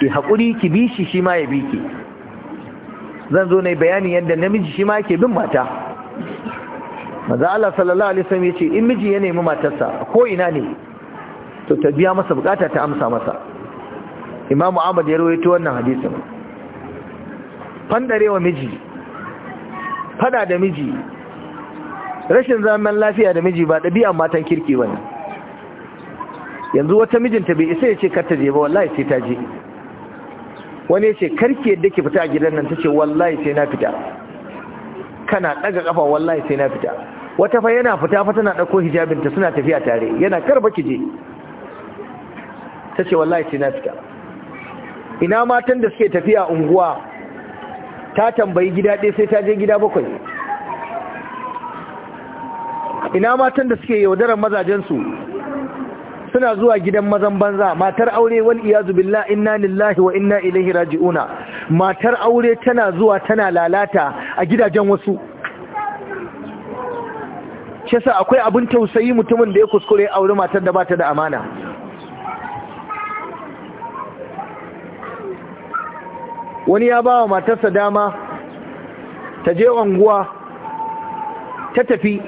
ki haƙuri ki bi shi shi ma ya bi ki zan zo na bayani yadda namiji shi ma yake bin mata maza Allah sallallahu alaihi wasallam yace in miji ya nemi matarsa ko ina ne to ta biya masa bukata ta amsa masa Imam Ahmad ya rawaito wannan hadisin fandarewa miji fada da miji rashin zaman lafiya da miji ba ɗabi'an matan kirki bane yanzu wata mijinta bai isa ya ce kar ta je ba wallahi sai ta je wani ya ce karki yadda ki fita a gidan nan ta ce wallahi sai na fita kana ɗaga ƙafa wallahi sai na fita wata fa yana fita fa tana ɗauko hijabinta suna tafiya tare yana karba ki je ta ce wallahi ce na fita ina matan da suke tafiya unguwa ta tambayi gida ɗaya sai ta je gida bakwai ina matan da suke yaudarar mazajensu suna zuwa gidan mazan banza matar aure wal iyazu billah inna lillahi wa inna ilaihi raji'una matar aure tana zuwa tana lalata a gidajen wasu shi yasa akwai abin tausayi mutumin da ya kuskure aure matar da bata da amana wani ya ba wa matarsa dama ta je unguwa ta tafi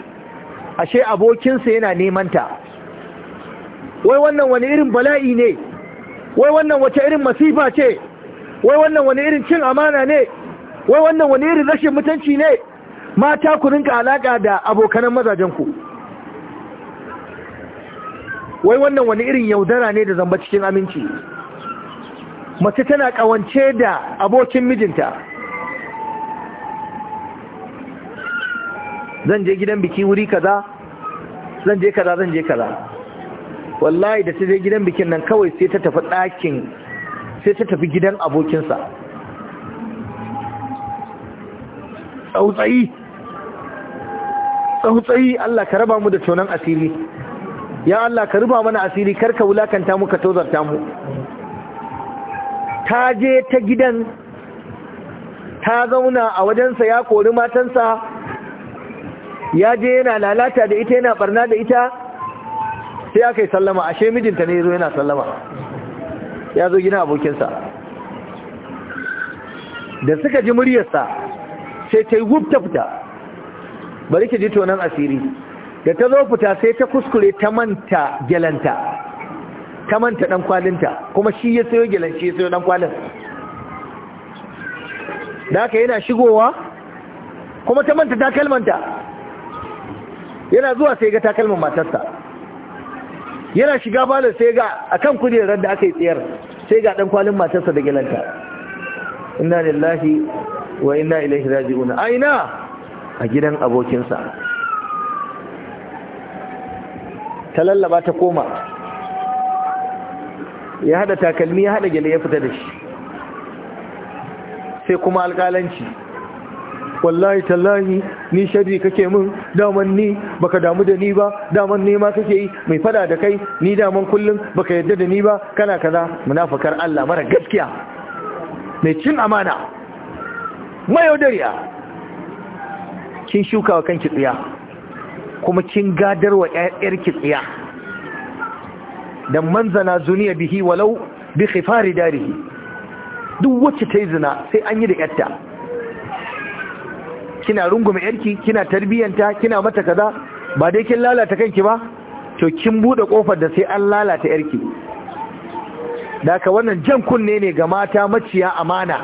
ashe abokinsa yana nemanta wai wannan wani irin bala'i ne wai wannan wace irin masifa ce wai wannan wani irin cin amana ne wai wannan wani irin rashin mutunci ne mata ku rinka alaka da abokanan mazajenku wai wannan wani irin yaudara ne da zamba cikin aminci mace tana kawance da abokin mijinta zan je gidan biki wuri kaza zan je kaza zan je kaza wallahi da ta je gidan bikin nan kawai sai ta tafi ɗakin sai ta tafi gidan abokinsa tsautsayi tsautsayi Allah ka raba mu da tonon asiri ya Allah ka ruba mana asiri kar ka wulakanta mu ka tozarta mu ta je ta gidan ta zauna a wajensa ya kori matansa ya je yana lalata da ita yana barna da ita sai aka yi sallama ashe mijinta ne zo yana sallama ya zo gina abokinsa da suka ji muryarsa sai ta yi wuf ta fita bari ki ji tonan asiri da ta zo fita sai ta kuskure ta manta gelanta ta manta dan kwalinta kuma shi ya sayo gelan shi ya sayo dan kwalin da haka yana shigowa kuma ta manta takalmanta yana zuwa sai ga takalman matarsa yana shiga bala sai ga akan kujerar da aka yi tsayar sai ga dan kwalin matarsa da gelanta inna lillahi wa inna ilaihi raji'un aina a gidan abokinsa ta lallaba ta koma ya hada takalmi ya hada gele ya fita da shi sai kuma alkalanci wallahi tallahi ni shari kake min daman ni baka damu da ni ba daman ni ma kake yi mai fada da kai ni daman kullum baka yadda da ni ba kana kaza munafakar Allah mara gaskiya mai cin amana mayaudariya kin shuka wa kanki tsiya kuma kin gadar wa ƴaƴarki tsiya dan manzana zuniya bihi walau bi khifari darihi duk wacce ta yi zina sai an yi da ƴarta kina rungume ƴarki kina tarbiyanta kina mata kaza ba dai kin lalata kanki ba to kin bude kofar da sai an lalata ƴarki daka wannan jan kunne ne ga mata maciya amana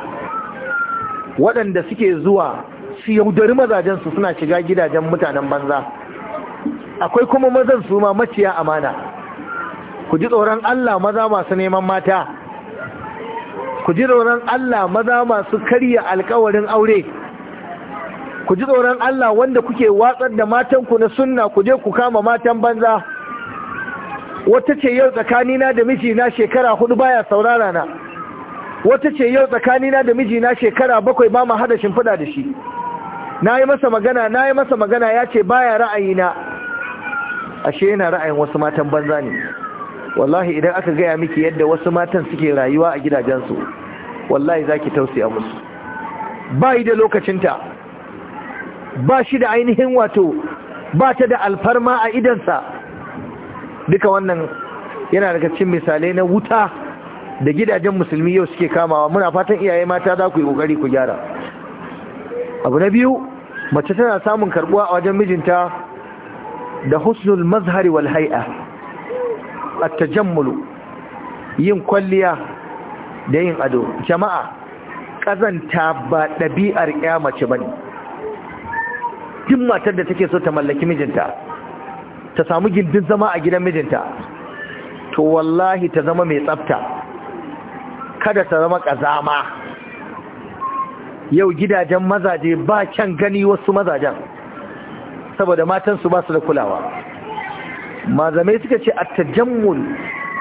waɗanda suke zuwa su yaudari mazajen su suna shiga gidajen mutanen banza akwai kuma mazan su ma maciya amana ku ji tsoron Allah maza masu neman mata ku ji tsoron Allah maza masu karya alkawarin aure ku ji tsoron Allah wanda kuke watsar da matanku na sunna ku je ku kama matan banza wata ce yau tsakanina da mijina shekara hudu baya saurara na wata ce yau tsakanina da mijina shekara bakwai ba mu hada shimfiɗa da shi na yi masa magana na yi masa magana ya ce baya ra'ayina ashe yana ra'ayin wasu matan banza ne wallahi idan aka gaya miki yadda wasu matan suke rayuwa a gidajensu wallahi za ki a musu ba yi da lokacinta ba shi da ainihin wato ba ta da alfarma a idansa duka wannan yana daga cin misalai na wuta da gidajen musulmi yau suke kamawa muna fatan iyaye mata za ku yi ƙoƙari ku gyara abu na biyu mace tana samun karbuwa a wajen mijinta da husnul mazhari wal hai'a at-tajammulu yin kwalliya da yin ado jama'a kazanta ba ɗabi'ar ya mace bane duk matar da take so ta mallaki mijinta ta samu gindin zama a gidan mijinta to wallahi ta zama mai tsafta kada ta zama ƙazama. yau gidajen mazaje ba kyan gani wasu mazajen saboda matansu ba su da kulawa mazamai suka ce a attajammul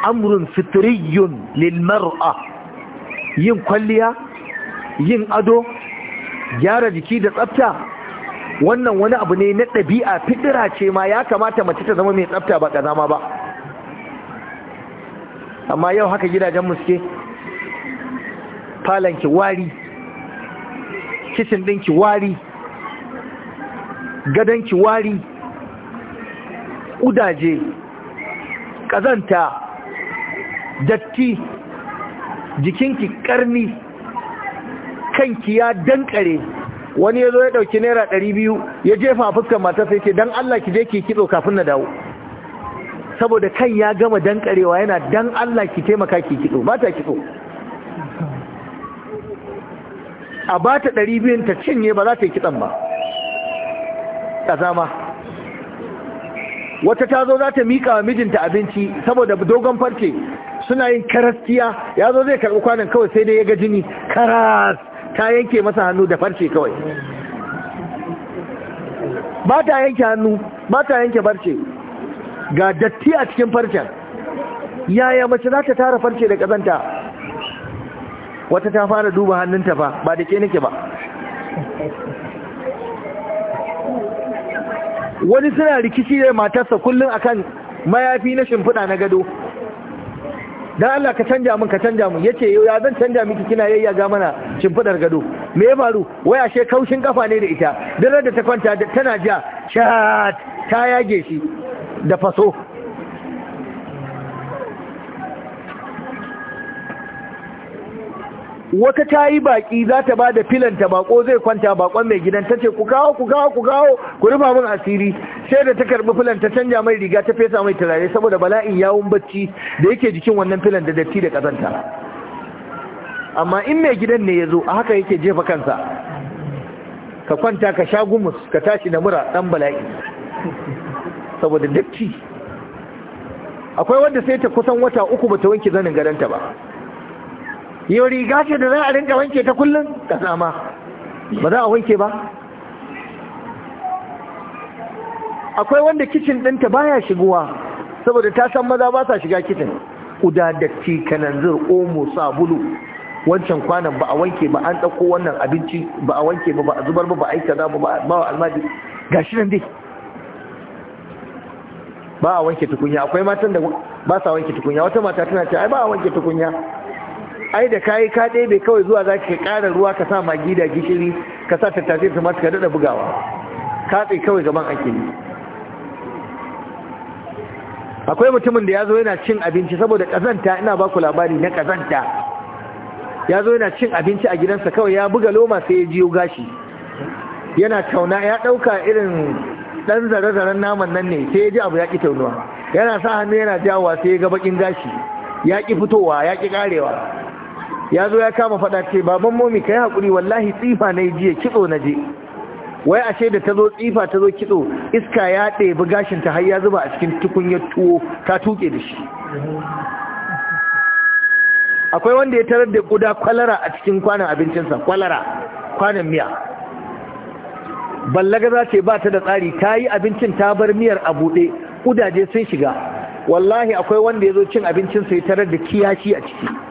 amurin fitriyun lilmar'a yin kwalliya yin ado gyara jiki da tsafta wannan wani abu ne na ɗabi'a fitira ce ma ya kamata mace ta zama mai tsafta ba zama ba amma yau haka gidajen muske falanki wari kicin ɗinki wari ki wari ƙudaje ƙazanta datti jikinki ƙarni kanki ya dankare wani ya zo ya ɗauki naira ɗari biyu ya jefa fuskar mata ya ce dan Allah ki je ki kitso kafin na dawo saboda kan ya gama dankarewa yana dan Allah ki taimaka ki kido ba ta kitso a ba ta ɗari biyun ta cinye ba za ta yi kitsan ba zama wata ta zo za ta miƙa wa mijinta abinci saboda dogon farce suna yin karastiya ya zo zai karɓi kwanan kawai sai dai ya ga jini karas ta yanke masa hannu da farce kawai ba ta yanke hannu ba ta yanke farce ga datti a cikin farcen yaya mace za ta tara farce da ƙazanta wata ta fara duba hannunta fa ba da ke nake ba wani suna rikici da matarsa kullum akan mayafi na shimfiɗa na gado don Allah ka canja min ka canja min yace ya zan canja miki kina ga mana shimfiɗar gado me ya faru waya she kaushin kafa ne da ita dare da ta kwanta tana ja chat ta yage shi da faso wata ta yi baki za ta ba da filanta bako zai kwanta bakon mai gidan ta ce ku kawo ku kawo ku kawo ku rufa min asiri sai da ta karbi filan ta canja mai riga ta fesa mai turare saboda bala'in yawon bacci da yake jikin wannan filan da datti da kazanta amma in mai gidan ne ya zo a haka yake jefa kansa ka kwanta ka sha gumus ka tashi na mura dan bala'i saboda datti akwai wanda sai ta kusan wata uku bata wanke zanin ta ba yau riga ce da za a rinka wanke ta kullum kasa sama ba za a wanke ba akwai wanda kicin ɗinta baya shigowa saboda ta san maza ba sa shiga kicin da datti kananzir omo sabulu wancan kwanan ba a wanke ba an ɗauko wannan abinci ba a wanke ba ba a zubar ba ba a yi kaza ba ba a almadi ga shi nan dai ba a wanke tukunya akwai matan da ba sa wanke tukunya wata mata tana ce ai ba a wanke tukunya ai da kayi ka ɗebe kawai zuwa za ka ƙara ruwa ka sa magi da gishiri ka sa tattasai tumatir ka daɗa bugawa tsaye kawai gaban ake ne akwai mutumin da ya zo yana cin abinci saboda ƙazanta ina ba ku labari na ƙazanta ya zo yana cin abinci a gidansa kawai ya buga loma sai ya jiyo gashi yana tauna ya ɗauka irin ɗan zare-zaren naman nan ne sai ya ji abu ya ƙi taunuwa yana sa hannu yana jawowa sai ya ga baƙin gashi ya ƙi fitowa ya ƙi ƙarewa ya zo ya kama fada ce baban momi ka yi haƙuri, wallahi tsifa na yi jiya kitso na je wai ashe da ta zo tsifa ta zo kitso iska ya ɗebi gashin ta har ya zuba a cikin tukunyar tuwo ta tuke da shi akwai wanda ya tarar da kuda kwalara a cikin kwanan abincinsa kwalara kwanan miya ballaga za ce ba ta da tsari ta yi abincin ta bar miyar a buɗe kudaje sun shiga wallahi akwai wanda ya zo cin abincinsa ya tarar da kiyashi a ciki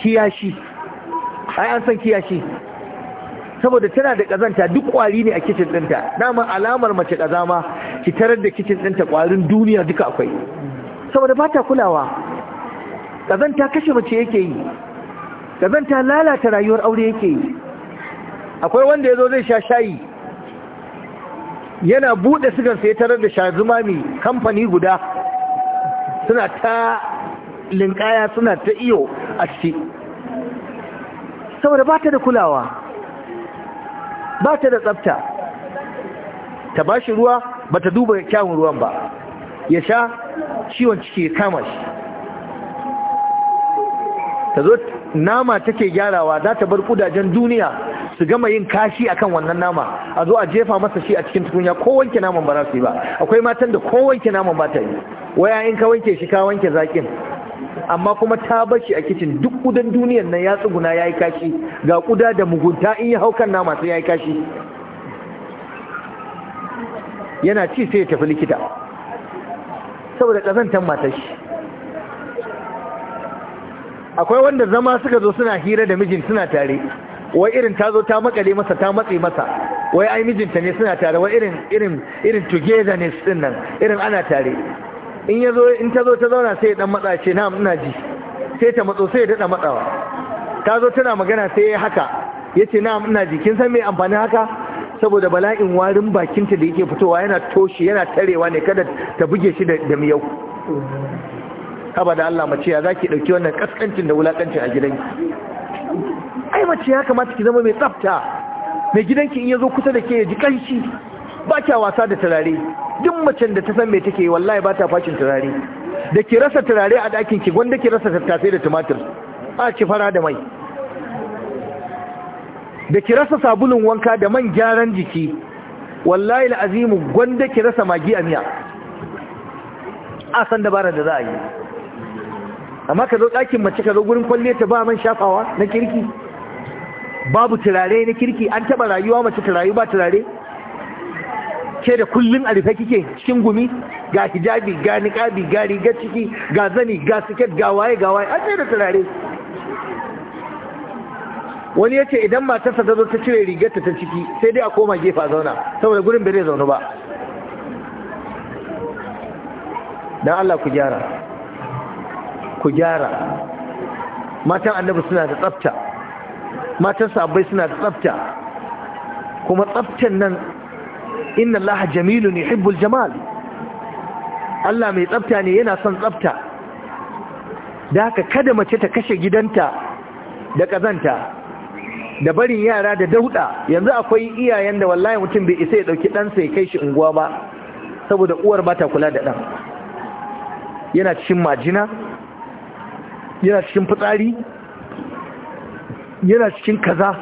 kiyashi ai an san kiyashi saboda tana da kazanta duk kwari ne a kicin dinta dama alamar mace kazama ki tarar da kicin dinta kwarin duniya duka akwai saboda ba ta kulawa kazanta kashe mace yake yi kazanta lalata rayuwar aure yake yi akwai wanda ya zo zai sha shayi yana buɗe sigar sai tarar da shazumami kamfani guda suna ta linkaya suna ta iyo a ciki saboda ba ta da kulawa ba ta da tsafta ta ba shi ruwa ba ta duba kyawun ruwan ba ya sha ciwon ciki ya kama shi ta zo nama take gyarawa za ta bar kudajen duniya su gama yin kashi a kan wannan nama a zo a jefa masa shi a cikin tukunya ko wanke naman ba za su yi ba akwai matan da ko wanke naman ba ta yi waya in ka wanke shi ka wanke zakin amma kuma ta bashi a kicin duk kudan duniyan nan ya tsuguna ya yi kashi ga kuda da mugunta in ya haukan na sai ya yi kashi yana ci sai ya tafi likita saboda ƙazantar matar shi akwai wanda zama suka zo suna hira da mijin suna tare wai irin ta zo ta makale masa ta matse masa wai ai mijinta ne suna tare wai irin irin irin togetherness din nan irin ana tare in ya zo in ta zo ta zauna sai ya dan matsa ce na ina ji sai ta matso sai ya dada matsawa ta zo tana magana sai ya haka ya ce na ina ji kin san me amfani haka saboda bala'in warin bakinta da yake fitowa yana toshe yana tarewa ne kada ta buge shi da miyau haba da Allah mace ya zaki dauki wannan kaskancin da wulakancin a gidanki ai mace ya kamata ki zama mai tsafta mai gidanki in yazo kusa da ke ya ji kanshi ba kya wasa da turare duk macen da ta san me take wallahi ba ta fashin turare da ki rasa turare a ɗakin ki wanda ki rasa tattasai da tumatir a ci fara da mai da ki rasa sabulun wanka da man gyaran jiki wallahi la'azimu gwanda ki rasa magi a miya a san dabara da za a yi amma ka zo ɗakin mace ka zo gurin kwalle ta ba man shafawa na kirki babu turare na kirki an taɓa rayuwa mace turare ba turare ke da kullum a rufe kike cikin gumi ga hijabi ga niƙabi ga riga ciki ga zani ga siket ga waye ga waye an da turare wani ya ce idan matarsa ta zo ta cire rigarta ta ciki sai dai a koma gefa zauna saboda gurin bai zaune ba don Allah ku gyara ku gyara matan annabi suna da tsafta matan sabbai suna da tsafta kuma tsaftan nan inna الله جميل يحب الجمال Allah mai tsafta ne yana son tsafta da haka kada mace ta kashe gidanta da da barin yara da dauda yanzu akwai iyayen da wallahi mutum bai isa ya dauki dan ya kai shi unguwa ba saboda uwar ba ta kula da ɗan yana cikin majina yana cikin fitsari yana cikin kaza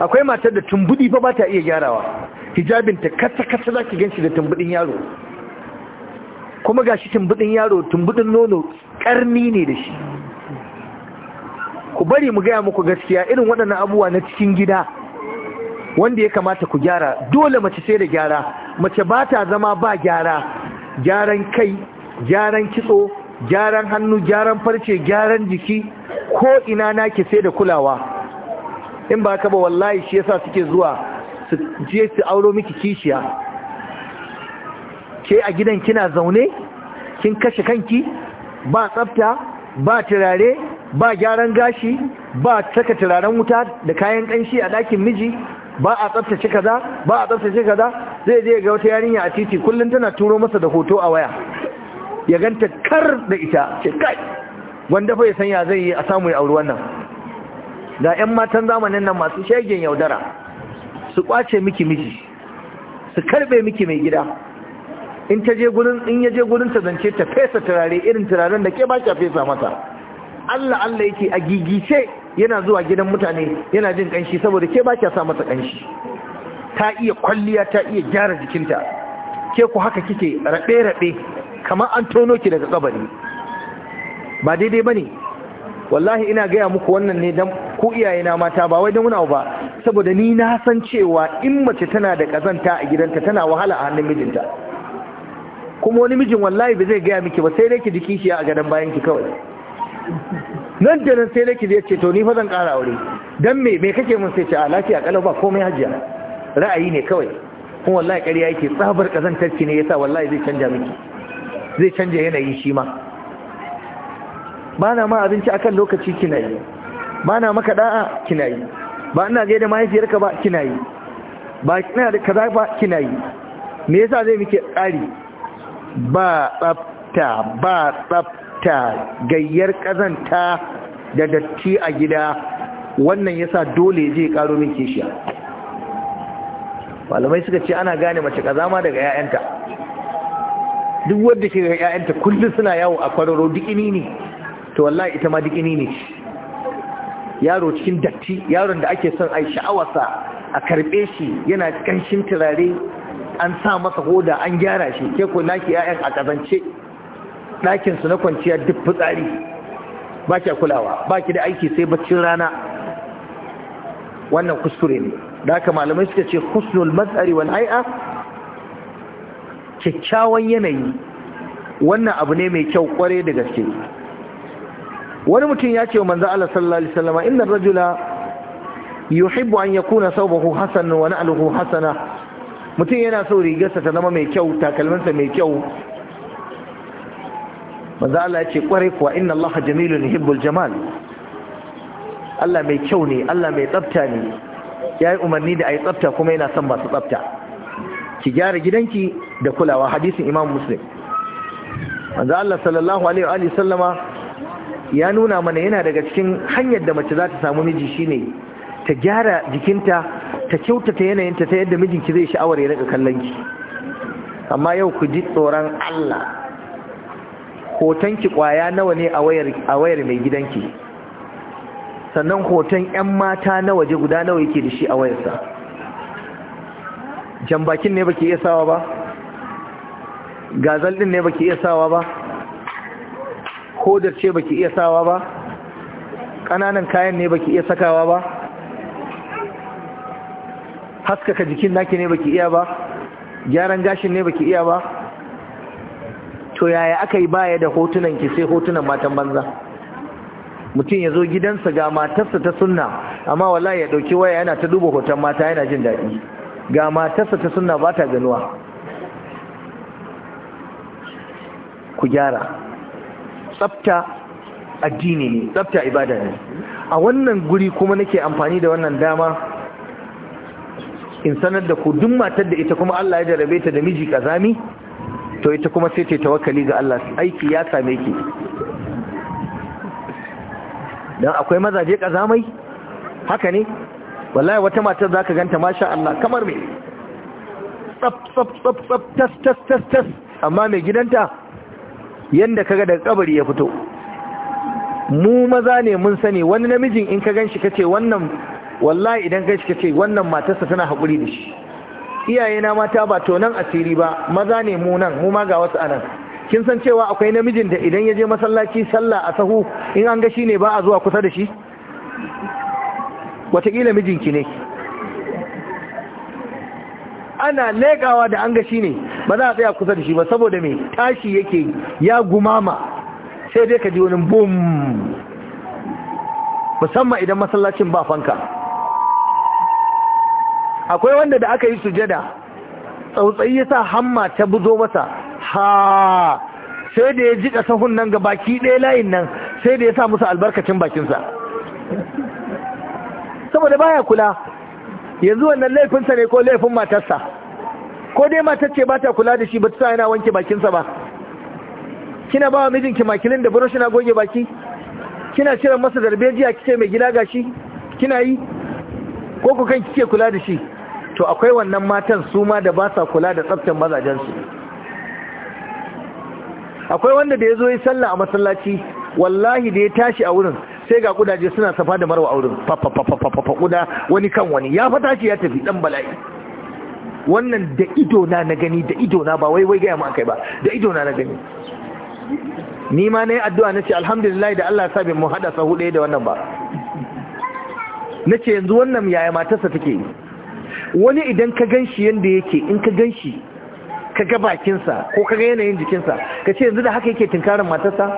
akwai matar da tumbudi fa ba ta iya gyarawa ta kasa-kasa za ki gan shi da tumbudin yaro kuma ga shi tumbudin yaro tumbudin nono karni ne da shi ku bari mu gaya muku gaskiya irin waɗannan abubuwa na cikin gida wanda ya kamata ku gyara dole mace sai da gyara mace ba ta zama ba gyara gyaran kai gyaran kitso gyaran hannu gyaran farce gyaran jiki ko ina nake sai da kulawa in ba ka ba wallahi shi yasa suke zuwa su je su auro miki kishiya ke a gidan kina zaune kin kashe kanki ba tsafta ba turare ba gyaran gashi ba saka turaren wuta da kayan kanshi a ɗakin miji ba a tsaftace kaza ba a tsaftace kaza zai je ga wata yarinya a titi kullum tana turo masa da hoto a waya ya ganta kar da ita ce kai wanda fa ya sanya zai yi a samu ya auri wannan ga 'yan matan zamanin nan masu shegen yaudara su kwace miki miji su karbe miki mai gida in ta je gurin in ya je gurin ta zance ta fesa turare irin turaren da ke ba ta fesa mata Allah Allah yake a gigice yana zuwa gidan mutane yana jin kanshi saboda ke ba ta sa mata kanshi ta iya kwalliya ta iya gyara jikinta ke ku haka kike rabe rabe kamar an tono ki daga kabari ba daidai bane wallahi ina gaya muku wannan ne dan ku iyayena mata ba wai dan wani abu ba saboda ni na san cewa in mace tana da kazanta a gidanta tana wahala a hannun mijinta kuma wani mijin wallahi ba zai gaya miki ba sai dai ki jiki shi a gadon bayan ki kawai nan da nan sai dai ki zai ce to ni fa zan ƙara aure dan me me kake mun sai ce a lafiya kalau ba komai hajiya ra'ayi ne kawai kuma wallahi ƙarya yake tsabar kazantar ki ne yasa wallahi zai canja miki zai canja yanayi shi ma ba na ma abinci akan lokaci kina yi ba na maka da'a kina yi ba ina gaida mahaifiyarka ba kina yi ba kina da kaza ba kina yi me yasa zai muke tsari ba tsafta ba tsafta gayyar kazanta da datti a gida wannan yasa dole zai karo min kishiya malamai suka ce ana gane mace kazama daga 'ya'yanta duk wanda ke ga 'ya'yanta kullum suna yawo a kwararo duk ini ne to wallahi ita ma duk ne yaro cikin datti yaron da ake son ai sha'awarsa a karbe shi yana kanshin turare an sa masa hoda an gyara shi ke ko naki ƴaƴan a kazance Ɗakinsu na kwanciya duk fitsari ba ki kulawa ba ki da aiki sai baccin rana wannan kuskure ne da haka malamai suka ce husnul matsari wal ai'a kyakkyawan yanayi wannan abu ne mai kyau kware da gaske wani mutum ya ce wa manzo Allah sallallahu alaihi wasallam inna rajula yuhibbu an yakuna thawbuhu hasanan wa na'luhu hasana mutum yana so rigarsa ta zama mai kyau takalminsa mai kyau manzo Allah ya ce kware kuwa inna Allah jamilun yuhibbul jamal Allah mai kyau ne Allah mai tsafta ne yayi umarni da ayi tsafta kuma yana son masu tsafta ki gyara gidanki da kulawa hadisin Imam Muslim manzo Allah sallallahu alaihi wa sallama ya nuna mana yana daga cikin hanyar da mace za ta samu miji shine ta gyara jikinta ta kyautata yanayinta ta yadda mijinki zai sha'awar ya rika kallon ki amma yau ku ji tsoron Allah Hoton ki kwaya nawa ne a wayar a wayar mai gidanki sannan hoton ƴan mata na waje guda nawa yake da shi a wayarsa jan bakin ne baki iya sawa ba gazal din ne baki iya sawa ba hodar ce baki iya sawa ba ƙananan kayan ne baki iya sakawa ba haskaka jikin naki ne baki iya ba gyaran gashin ne baki iya ba to yaya aka yi baya da hotunan ki sai hotunan matan banza mutum ya zo gidansa ga matarsa ta sunna amma wallahi ya dauki waya yana ta duba hoton mata yana jin daɗi ga matarsa ta sunna ba ta ganuwa ku gyara tsafta addini ne tsafta ibada ne a wannan guri kuma nake amfani da wannan dama in sanar da ku duk matar da ita kuma Allah ya jarabe ta da miji kazami to ita kuma sai ta tawakkali ga Allah aiki ya same ki dan akwai mazaje kazamai haka ne wallahi wata matar zaka ganta masha Allah kamar me tsap tsap tsap tsap tas tas tas tas amma mai gidanta yanda kaga daga kabari ya fito mu maza ne mun sani wani namijin in ka ganshi kace wannan wallahi idan ganshi kace wannan matarsa tana hakuri da shi iyaye na mata ba nan asiri ba maza ne mu nan mu ma ga wasu anan kin san cewa akwai namijin da idan ya je masallaci sallah a sahu in an ga shi ne ba a zuwa kusa da shi wataƙila mijinki ne ana negawa da an ga shi ne ba za a tsaya kusa da shi ba saboda mai tashi yake ya gumama sai dai ka ji wani boom musamman idan masallacin ba fanka akwai wanda da aka yi sujada tsautsayi ya sa hamma ta buzo masa ha sai da ya ji kasahun nan ga baki ɗaya layin nan sai da ya sa musu albarkacin bakinsa saboda baya kula yanzu wannan laifinsa ne ko laifin matarsa ko dai matar ce ba ta kula da shi ba ta yana wanke bakinsa ba kina ba wa mijinki makilin da burushi goge baki kina cire masa darbejiya kike mai gida gashi kina yi ko ku kan kike kula da shi to akwai wannan matan su ma da ba sa kula da tsaftar mazajensu akwai wanda da ya zo yi sallah a masallaci wallahi da ya tashi a wurin sai ga kudaje suna safa da marwa auren fafafafafafa kuda wani kan wani ya fata ce ya tafi dan bala'i wannan da ido na na gani da ido na ba wai wai gaya mu akai ba da ido na na gani ni ma na yi addu'a na ce alhamdulillah da Allah sa bai mu hada sahu ɗaya da wannan ba na ce yanzu wannan yaya matarsa take yi wani idan ka ganshi shi yadda yake in ka ganshi ka ga bakinsa ko ka ga yanayin jikinsa ka ce yanzu da haka yake tunkarin matarsa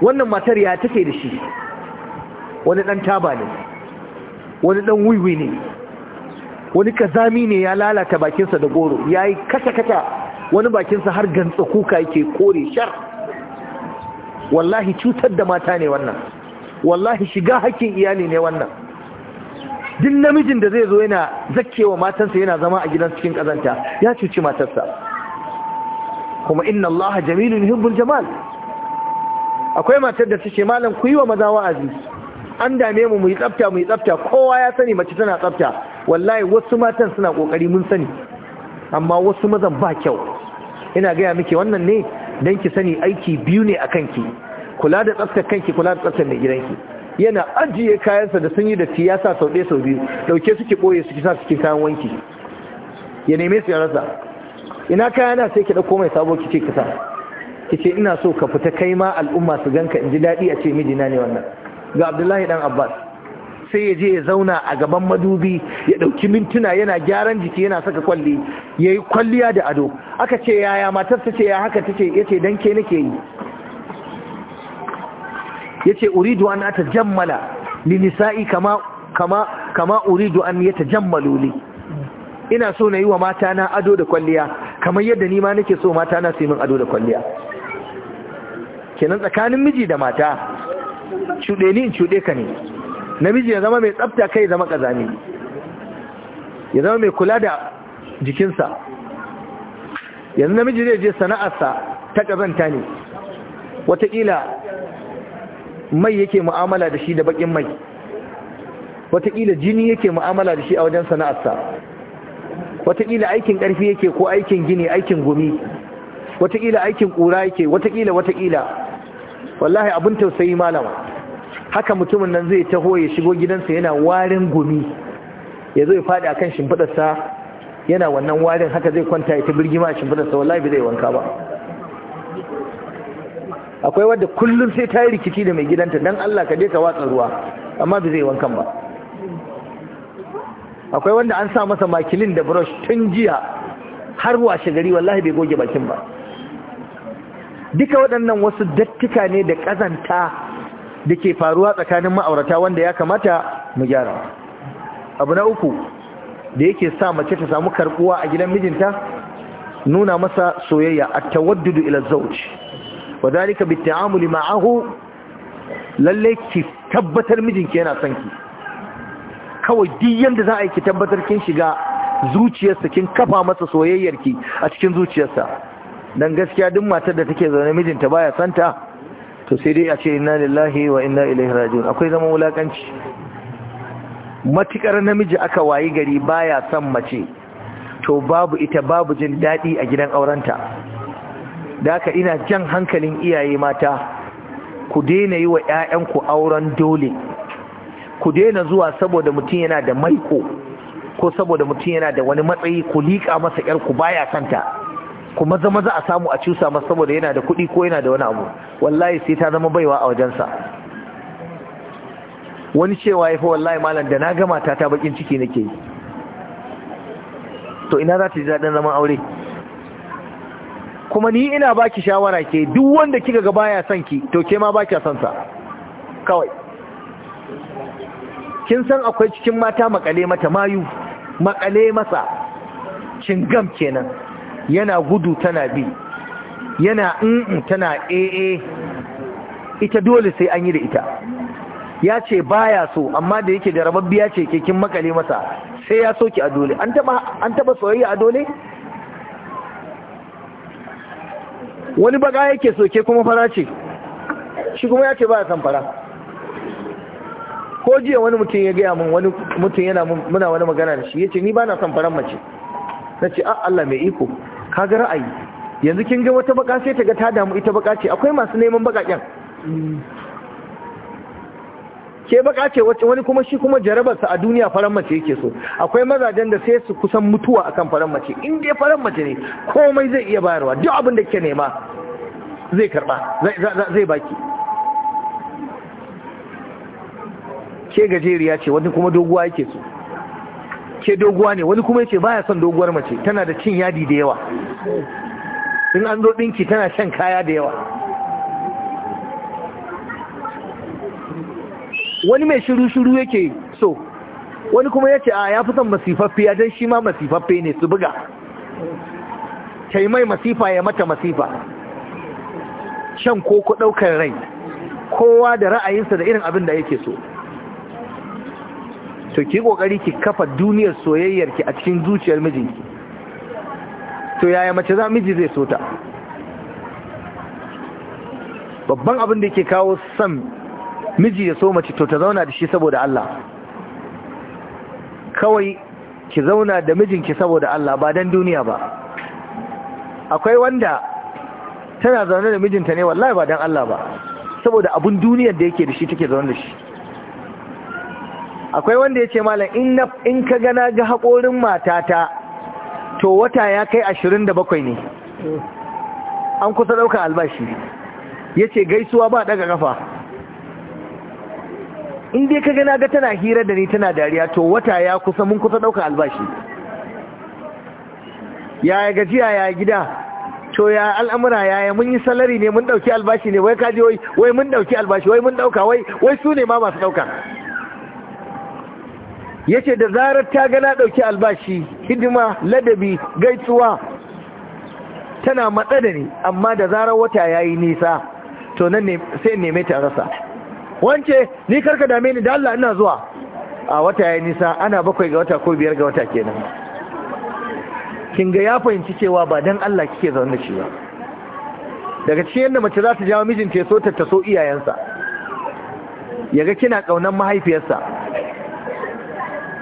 wannan matar ya take da shi wani ɗan taba ne wani ɗan wiwi ne wani kazami ne ya lalata bakinsa da goro ya yi kata-kata wani bakinsa har gantsa kuka yake kore shar wallahi cutar da mata ne wannan wallahi shiga hakkin iyali ne wannan Din namijin da zai zo yana zakkewa matansa yana zama a gidan cikin kazanta ya cuci matarsa kuma inna allaha jamilun yuhibbul jamal akwai matar da ce malam ku yi wa maza wa'azi an dame mu mu yi tsafta mu yi tsafta kowa ya sani mace tana tsafta wallahi wasu matan suna kokari mun sani amma wasu mazan ba kyau ina gaya miki wannan ne dan ki sani aiki biyu ne a kanki kula da tsaftar kanki kula da tsaftar mai gidanki yana ajiye kayansa da sun yi da ya sa sau ɗaya sau biyu dauke suke ɓoye suke sa suke kayan wanki ya neme su ya rasa ina kayana sai ki ɗauko mai sabo ki ce ki sa ki ce ina so ka fita kai ma al'umma su ganka in ji daɗi a ce mijina ne wannan ga abdullahi dan abbas sai ya je ya zauna a gaban madubi ya ɗauki mintuna yana gyaran jiki yana saka kwalli ya yi kwalliya da ado aka ce yaya matar ta ce ya haka ta ce ya ce don ke nake yi ya ce uridu an ta jammala Ni nisa'i kama uridu an ya ta jammalo ina so na yi wa mata na ado da kwalliya kamar yadda nima nake so mata na su yi min ado da kwalliya kenan tsakanin miji da mata cuɗe ni cuɗe ka ne namiji ya zama mai tsafta kai zama ƙazami ya zama mai kula da jikinsa yanzu namiji zai je sana'arsa ta ƙazanta ne wataƙila mai yake mu'amala da shi da baƙin mai wataƙila jini yake mu'amala da shi a wajen sana'arsa wataƙila aikin ƙarfi yake ko aikin gini aikin gumi wataƙila aikin ƙura yake wataƙila wataƙila wallahi abin tausayi malama haka mutumin nan zai taho ya shigo gidansa yana warin gumi ya zo ya faɗi akan shimfiɗarsa yana wannan warin haka zai kwanta ya ta birgima a shimfiɗarsa wallahi bai zai wanka ba akwai wadda kullum sai ta yi rikici da mai gidanta don Allah ka je ka watsa ruwa amma bai zai wankan ba akwai wanda an sa masa makilin da brush tun jiya har washe gari wallahi bai goge bakin ba duka waɗannan wasu dattuka ne da ƙazanta da ke faruwa tsakanin ma'aurata wanda ya kamata mu gyara abu na uku da yake sa mace ta samu karbuwa a gidan mijinta nuna masa soyayya a tawaddudu ila zawj wa dhalika bit-ta'amuli ma'ahu lalle ki tabbatar mijinki yana son ki kawai duk yanda za a yi ki tabbatar kin shiga zuciyarsa kin kafa masa soyayyarki a cikin zuciyarsa dan gaskiya duk matar da take zaune mijinta baya santa to sai dai a ce inna lillahi wa inna ilaihi raji'un akwai zaman wulakanci matukar namiji aka wayi gari baya son mace to babu ita babu jin daɗi a gidan aurenta da ina jan hankalin iyaye mata ku daina yi wa 'ya'yanku auren dole ku daina zuwa saboda mutum yana da maiko ko saboda mutum yana da wani matsayi ku liƙa masa 'yarku baya santa kuma zama za a samu a cusa masu saboda yana da kuɗi ko yana da wani abu wallahi sai ta zama baiwa a wajensa wani cewa ya fi wallahi malam da na gama ta ta bakin ciki nake yi to ina za ta ji daɗin zaman aure kuma ni ina baki shawara ke duk wanda kika ga baya son ki to ke ma baki son sa kawai kin san akwai cikin mata makale mata mayu makale masa gam kenan yana gudu tana bi yana in tana ee ita dole sai an yi da ita ya ce baya so amma da yake da rababbiya ce kekin makale masa sai ya soki a dole an taba soyayya a dole wani baga yake soke kuma fara ce shi kuma ya ce ba san fara ko jiya wani mutum ya gaya mun wani mutum yana muna wani magana da shi ya ce ni ba na san faran mace na ce a ah, Allah mai iko kaga ra'ayi yanzu kin ga wata baka sai ta ga ta damu ita baka ce akwai masu neman bakaƙen. ke baka ce wani kuma shi kuma jarabarsa a duniya faran mace yake so akwai mazajen da sai su kusan mutuwa akan faran mace in dai faran mace ne komai zai iya bayarwa duk abin da ke nema zai karba zai baki ke gajeriya ce wani kuma doguwa yake so ke doguwa ne wani kuma yace baya son doguwar mace tana da cin yadi da yawa in an zo dinki tana shan kaya da yawa wani mai shiru-shiru yake so wani kuma yace a ya fi son masifaffe don shi ma masifaffe ne su buga kai mai masifa ya mata masifa shan koko ɗaukar rai kowa da ra'ayinsa da irin abin da yake so to ki kokari ki kafa duniyar soyayyar ki a cikin zuciyar mijinki to yaya mace za miji zai so ta babban abin da yake kawo son miji ya so mace to ta zauna da shi saboda Allah kawai ki zauna da mijinki saboda Allah ba dan duniya ba akwai wanda tana zaune da mijinta ne wallahi ba dan Allah ba saboda abun duniyar da yake da shi take zaune da shi akwai wanda ya ce malam in ka gana ga haƙorin matata to wata ya kai ashirin da bakwai ne an kusa ɗauka albashi ya ce gaisuwa ba ɗaga ƙafa in dai ka gana ga tana hira da ni tana dariya to wata ya kusa mun kusa ɗauka albashi ya gajiya ya gida to ya al'amura ya mun yi salari ne mun ɗauki albashi ne wai kaji wai mun ɗauki albashi wai mun ɗauka wai su ne ma masu ɗauka yace da zarar ta ga na dauki albashi hidima ladabi gaisuwa tana matsa da ni amma da zarar wata yayi nisa to nan ne sai neme ta rasa wance ni karka dame ni da Allah ina zuwa a wata yayi nisa ana bakwai ga wata ko biyar ga wata kenan kin ga ya fahimci cewa ba dan Allah kike zaune da shi ba daga cikin yadda mace za ta jawo mijinta ya so ta taso iyayensa Yaga kina kaunan mahaifiyarsa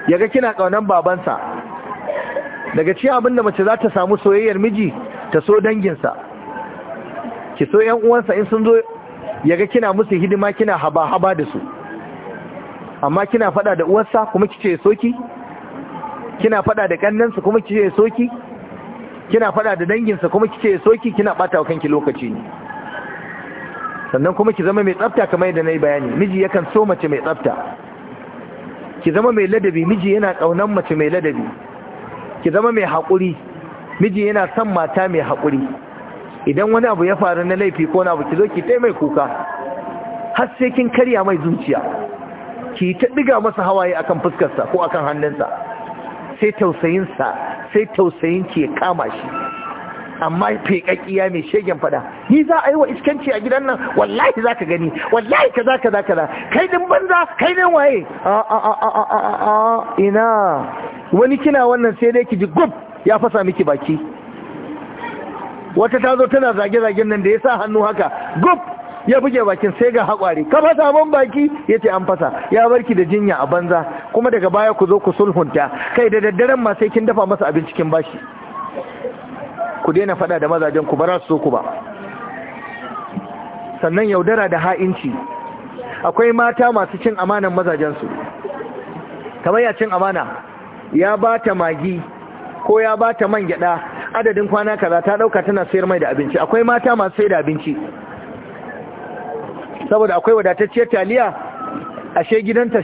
Yaga kina ƙaunar babansa daga ci abin da mace za ta samu soyayyar miji ta so danginsa ki so ‘yan uwansa in sun zo yaga kina musu hidima kina haba-haba da su amma kina fada da uwarsa kuma kice soki kina fada da kannansa kuma kice soki kina fada da danginsa kuma kice soki kina bata wa kanki lokaci ne sannan kuma ki zama mai tsafta kamar yadda nayi bayani miji yakan so mace mai tsafta ki zama mai ladabi miji yana ƙaunar mace mai ladabi ki zama mai haƙuri miji yana son mata mai haƙuri idan wani abu ya faru na laifi ko na abu ki zo ki tai mai kuka har sai kin karya mai zuciya ki ta diga masa hawaye akan fuskarsa ko akan hannunsa sai tausayinsa sai tausayin ki ya kama shi amma feƙaƙiya mai shegen fada ni za a yi wa iskanci a gidan nan wallahi za ka gani wallahi kaza kaza kaza kai din banza kai din waye a ina wani kina wannan sai dai ki ji gub ya fasa miki baki wata ta zo tana zage-zagen nan da ya sa hannu haka gub ya buge bakin sai ga haƙwari ka fasa mun baki ya ce an fasa ya barki da jinya a banza kuma daga baya ku zo ku sulhunta kai da daddaren ma sai kin dafa masa abinci kin bashi ku daina fada da mazajen ku ba za su so ku ba sannan yaudara da ha'inci akwai mata masu cin amanan mazajensu kamar ya cin amana ya ba ta magi ko ya ba ta man gyada adadin kwana kaza ta dauka tana sayar mai da abinci akwai mata masu sayar da abinci saboda akwai wadatacciyar taliya ashe gidanta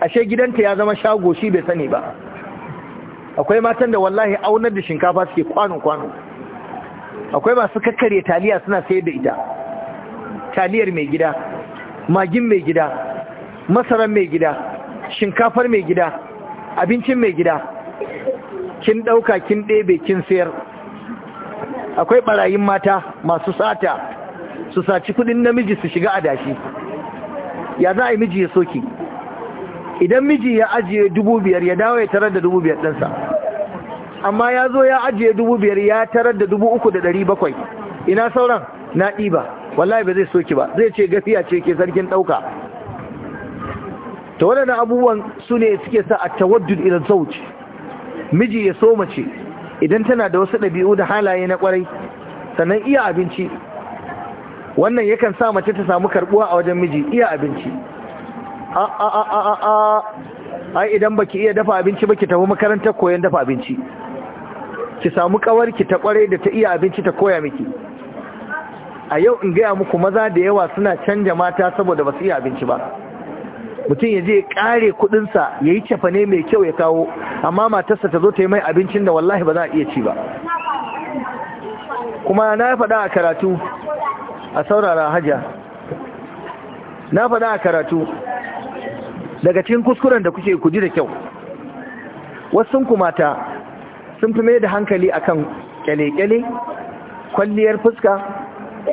ashe gidanta ya zama shago shi bai sani ba akwai matan da wallahi aunar da shinkafa suke kwano kwano akwai masu kakkare taliya suna sayar da ita taliyar mai gida magin mai gida masaran mai gida shinkafar mai gida abincin mai gida kin ɗauka kin ɗebe kin sayar akwai ɓarayin mata masu sata su saci kudin namiji su shiga adashi ya za a yi miji ya soki idan miji ya ajiye dubu biyar ya dawo ya tarar da dubu biyar ɗansa amma ya zo ya ajiye dubu biyar ya tarar da dubu uku da ɗari bakwai ina sauran na ɗiba wallahi ba zai soki ba zai ce gafiya ce ke sarkin ɗauka ta waɗannan abubuwan su ne suke sa a tawaddud idan zauj miji ya so mace idan tana da wasu ɗabi'u da halaye na ƙwarai sannan iya abinci wannan yakan sa mace ta samu karɓuwa a wajen miji iya abinci a a a a a ai idan baki iya dafa abinci baki tafi makarantar koyon dafa abinci ki samu ƙawarki ta kwarai da ta iya abinci ta koya miki a yau in gaya muku maza da yawa suna canja mata saboda ba su iya abinci ba mutum ya je ya kare kudinsa ya yi cefane mai kyau ya kawo amma matarsa ta zo ta yi mai abincin da wallahi ba za a iya ci ba kuma na faɗa a karatu a saurara hajja na faɗa a karatu daga cikin kuskuren da kuke kuji da kyau wasu kuma kumata. sun fi mai da hankali akan kyale-kyale kwalliyar fuska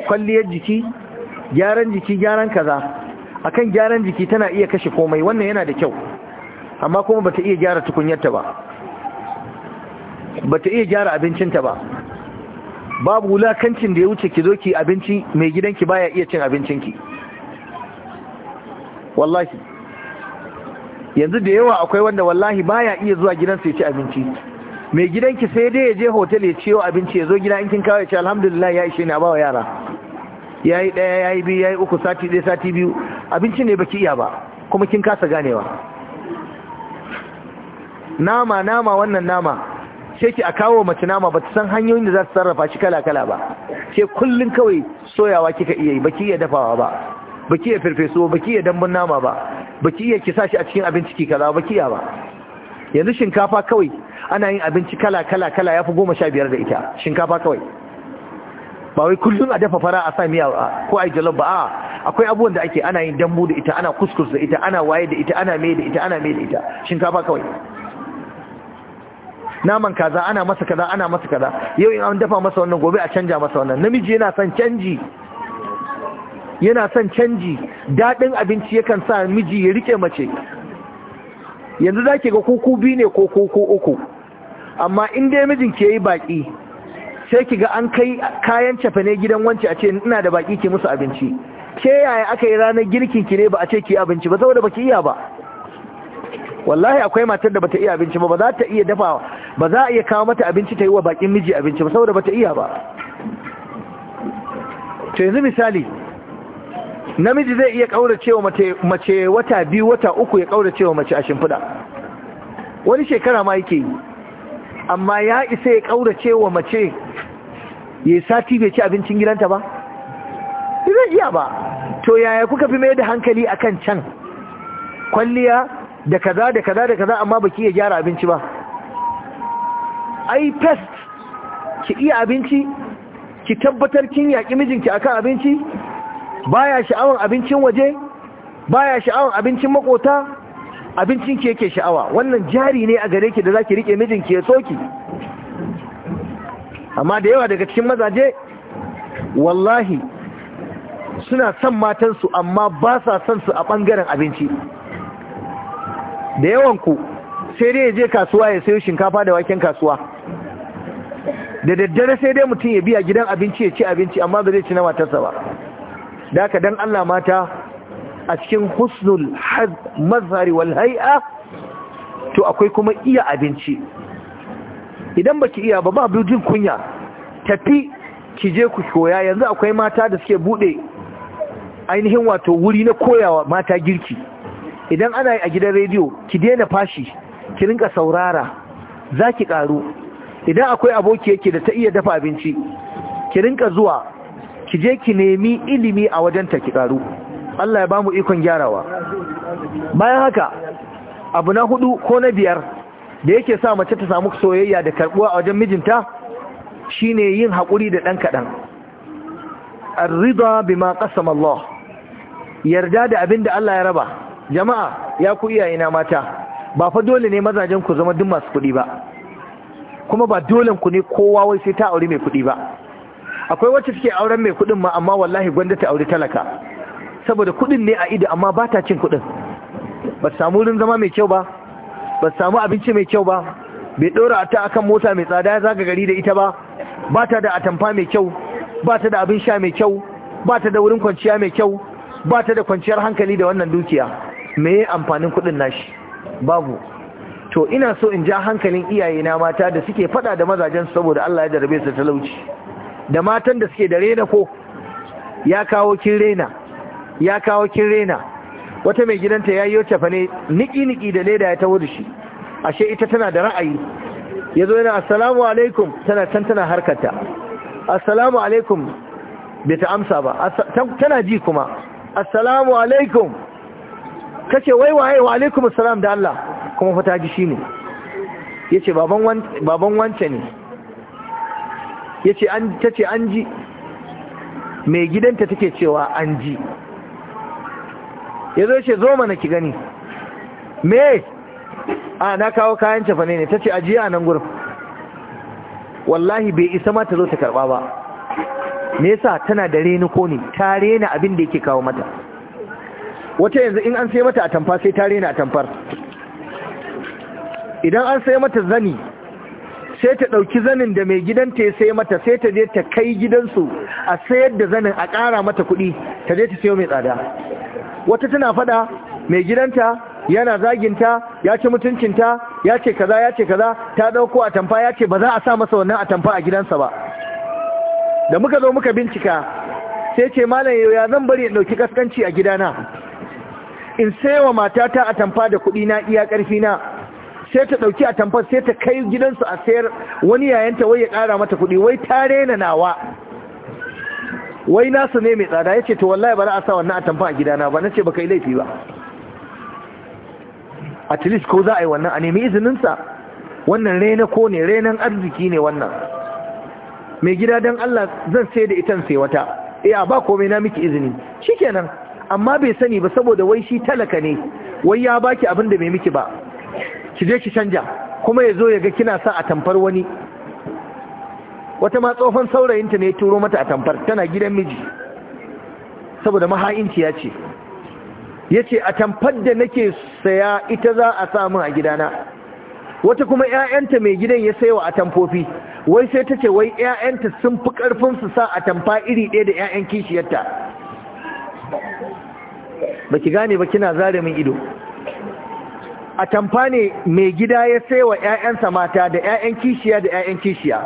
kwalliyar jiki gyaran jiki gyaran kaza akan gyaran jiki tana iya kashe komai wannan yana da kyau amma kuma bata iya gyara tukunyarta ba bata iya gyara abincinta ba babu wulakancin da ya wuce ki zo ki abinci mai gidanki baya iya cin abincinki wallahi yanzu da yawa akwai wanda wallahi baya iya zuwa gidansa ya ci abinci mai gidanki sai dai ya je hotel ya ciyo abinci ya zo gida in kin kawo ya ce alhamdulillah ya ishe ne, a bawa yara ya yi ɗaya ya yi biyu ya yi uku sati ɗaya sati biyu abinci ne baki iya ba kuma kin kasa ganewa nama nama wannan nama sai ki a kawo mace nama ba ta san hanyoyin da za su sarrafa shi kala kala ba ke kullum kawai soyawa kika iya yi baki iya dafawa ba baki iya firfeso baki iya dambun nama ba baki iya ki sa shi a cikin abinci ki kaza baki iya ba yanzu shinkafa kawai ana yin abinci kala kala kala ya fi goma sha biyar da ita shinkafa kawai ba wai kullum a dafa fara a sa miya ko a yi jalof ba a akwai abubuwan da ake ana yin dambu da ita ana kuskus da ita ana waye da ita ana mai da ita ana mai da ita shinkafa kawai naman kaza ana masa kaza ana masa kaza yau in an dafa masa wannan gobe a canja masa wannan namiji yana son canji yana son canji daɗin abinci yakan sa miji ya rike mace yanzu za ki ga kuku biyu ne ko kuku uku amma in dai mijin ke yi baki sai ki ga an kai kayan cafane gidan wanci a ce ina da baki ke musu abinci ke yaya aka yi ranar girkin ki ne ba a ce ki abinci ba saboda baki iya ba wallahi akwai matar da bata iya abinci ba ba za ta iya dafa ba za a iya kawo mata abinci ta yi wa bakin miji abinci ba saboda bata iya ba to yanzu misali namiji zai iya kauracewa mace wata biyu wata uku ya kauracewa mace a shimfiɗa wani shekara ma yake yi amma ya isa ya kauracewa mace ya sati bai ci abincin gidanta ba zai iya ba to yaya kuka fi mai da hankali a kan can kwalliya da kaza da kaza da kaza amma baki ya gyara abinci ba ai pest ki iya abinci ki tabbatar kin yaƙi mijinki akan abinci baya sha'awar abincin waje baya sha'awar abincin makota abincin ki yake sha'awa wannan jari ne a gare ki da zaki rike mijin ki ya soki amma da yawa daga cikin mazaje wallahi suna son matansu amma ba sa son su a bangaren abinci da yawan ku sai dai ya je kasuwa ya sayo shinkafa da waken kasuwa da daddare sai dai mutum ya biya gidan abinci ya ci abinci amma ba zai ci na matarsa ba da dan Allah mata a cikin husnul mazhari wal hay'a to akwai kuma iya abinci idan baki iya ba ba jin kunya tafi ki je ku koya yanzu akwai mata da suke bude ainihin wato wuri na koyawa mata girki idan ana yi a gidan rediyo ki daina fashi ki rinka saurara zaki ki karu idan akwai aboki yake da ta iya dafa abinci ki rinka zuwa ki je ki nemi ilimi a wajenta ki karu Allah ya bamu ikon gyarawa bayan haka abu na hudu ko na biyar da yake sa mace ta samu soyayya da karbuwa a wajen mijinta shine yin hakuri da ɗan kaɗan arrida bima qasama Allah yarda da abin da Allah ya raba jama'a ya ku iyayena mata ba fa dole ne mazajen ku zama duk masu kuɗi ba kuma ba dole ku ne kowa wai sai ta aure mai kuɗi ba akwai wacce suke auren mai kuɗin ma amma wallahi gwanda ta aure talaka saboda kuɗin ne a ido amma ba ta cin kuɗin ba samu wurin zama mai kyau ba ba samu abinci mai kyau ba bai ɗora ta akan mota mai tsada ya zaga gari da ita ba ba ta da atamfa mai kyau ba ta da abin sha mai kyau ba ta da wurin kwanciya mai kyau ba ta da kwanciyar hankali da wannan dukiya me amfanin kuɗin nashi babu to ina so in ja hankalin iyayena mata da suke fada da mazajen saboda Allah ya jarabe su talauci da matan da suke da rena ko ya kawo kin rena ya kawo kin rena wata mai gidanta ya yi wacce fane niki-niki da leda ya tawo da shi ashe ita tana da ra'ayi ya zo yana assalamu alaikum tana can tana harkata assalamu alaikum bai ta amsa ba tana ji kuma assalamu alaikum kace wai waye wa alaikum assalam da Allah kuma fata ji shi ne ya ce baban wance ne Ta an an ji mai gidanta take cewa an ji Ya zo ce zo mana ki gani me a na kawo kayan cefane ne Ta ce ajiye a nan gurin wallahi bai isa ma ta zo ta karba ba me yasa tana da reni ko ne ta rena abin da yake kawo mata wata yanzu in an sai mata a tamfa sai ta rena tamfar? idan an sai mata zani sai ta ɗauki zanin da mai gidanta ya sai mata sai ta je ta kai gidansu a sayar da zanin a ƙara mata kuɗi ta je ta sayo mai tsada wata tana faɗa mai gidanta yana zaginta ya ce mutuncinta ya ce kaza ya ce kaza ta ɗauko tamfa ya ce ba za a sa masa wannan a tamfa a gidansa ba da muka zo muka bincika sai ce malam ya zan bari in ɗauki kaskanci a gidana in sai wa matata tamfa da kuɗi na iya ƙarfi na sai ta dauki a tamfar sai ta kai gidansu a sayar wani yayanta wai ya kara mata kuɗi wai ta rena nawa wai nasu ne mai tsada Ya ce wallahi ba za a sa wannan a tamfa a gidana ba na ce baka kai laifi ba a tilis ko za a yi wannan a nemi izinin wannan rena ko ne renan arziki ne wannan mai gida don Allah zan sai da itan sai wata eh ba komai na miki izini shi shikenan amma bai sani ba saboda wai shi talaka ne wai ya baki abin da mai miki ba ki je ki canja kuma ya zo ya ga kina sa a tamfar wani wata ma tsohon saurayinta ne ya turo mata a tamfar tana gidan miji saboda maha'inci ya ce ya ce a tamfar da nake saya ita za a samun a gidana wata kuma 'ya'yanta mai gidan ya sayo a tamfofi wai sai ta ce wai 'ya'yanta sun fi karfin su sa a tamfa iri ɗaya da 'ya'yan kishiyarta ba ki gane ba kina zare min ido a tamfa ne mai gida ya saiwa 'ya'yansa mata da 'ya'yan kishiya da 'ya'yan kishiya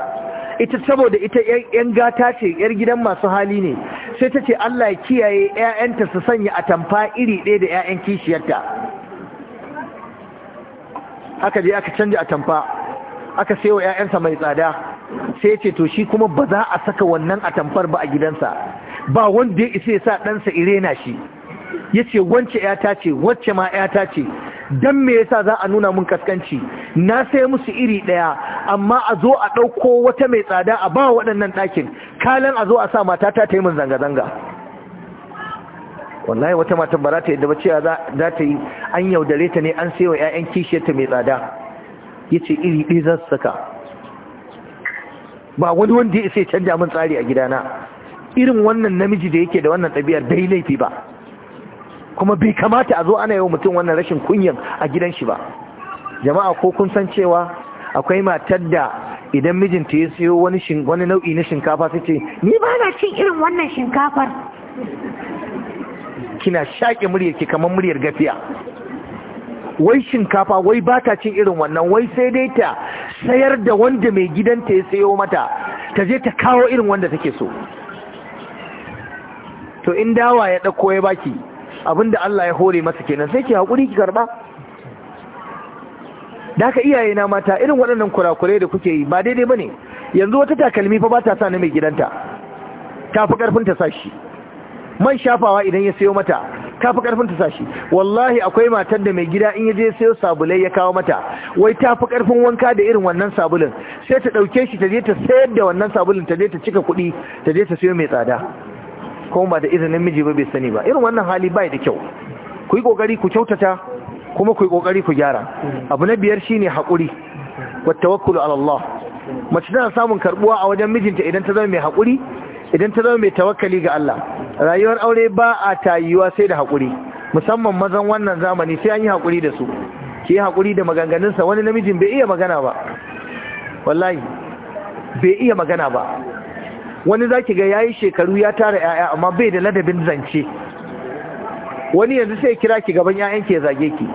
ita saboda ita 'yan gata ce 'yar gidan masu hali ne sai ta ce Allah ya kiyaye 'ya'yanta su sanya a tamfa iri ɗaya da 'ya'yan kishiyarta aka je aka canja a tamfa aka saiwa 'ya'yansa mai tsada sai ce to shi kuma ba za a saka wannan a tamfar ba a gidansa ba wanda ya isa ya sa ɗansa irena shi ya ce wance ‘yata ce wacce ma ‘yata ce dan me yasa za a nuna mun kaskanci na sai musu iri daya amma a zo a ɗauko wata mai tsada a ba waɗannan ɗakin kalan a zo a sa mata ta yi mun zanga-zanga wallahi wata matan ba za ta yadda ba cewa za ta yi an yaudare ta ne an sayo 'ya'yan kishiyarta mai tsada Ya ce iri ɗaya za saka ba wani wanda ya isa sai canja min tsari a gidana irin wannan namiji da yake da wannan ɗabi'ar dai laifi ba kuma bai kamata a zo ana yi wa mutum wannan rashin kunyan a gidan shi ba jama'a ko kun san cewa akwai matar da idan mijinta ya siyo wani nau'i na shinkafa sai ce ni ba na cin irin wannan shinkafar kina shaƙe muryar ki kamar muryar gafiya wai shinkafa wai ba ta cin irin wannan wai sai dai ta sayar da wanda mai gidanta ya sayo mata ta je ta kawo irin wanda take so to in dawa ya ɗauko ya baki da Allah ya hore masa kenan sai ke haƙuri ki karɓa da iyaye na mata irin waɗannan kurakure da kuke yi ba daidai ba ne. yanzu wata takalmi fa ba ta sa na mai gidanta ta fi ƙarfin ta shi man shafawa idan ya sayo mata ta fi ƙarfin ta shi wallahi akwai matar da mai gida in ya je sayo sabulai ya kawo mata wai ta fi ƙarfin wanka da irin wannan sabulin sai ta ɗauke shi ta je ta sayar da wannan sabulin ta je ta cika kuɗi ta je ta sayo mai tsada ko ba da izinin miji ba bai sani ba irin wannan hali bai da kyau ku yi kokari ku kyautata kuma ku yi kokari ku gyara abu na biyar shine hakuri wa tawakkulu ala Allah mace tana samun karbuwa a wajen mijinta idan ta zama mai hakuri idan ta zama mai tawakkali ga Allah rayuwar aure ba a tayuwa sai da hakuri musamman mazan wannan zamani sai an yi hakuri da su ki yi hakuri da maganganunsa wani namijin bai iya magana ba wallahi bai iya magana ba wani zaki ga ya yi shekaru ya tara yaya amma bai da ladabin zance wani yanzu sai kira ki gaban 'ya'yanki ya zage ki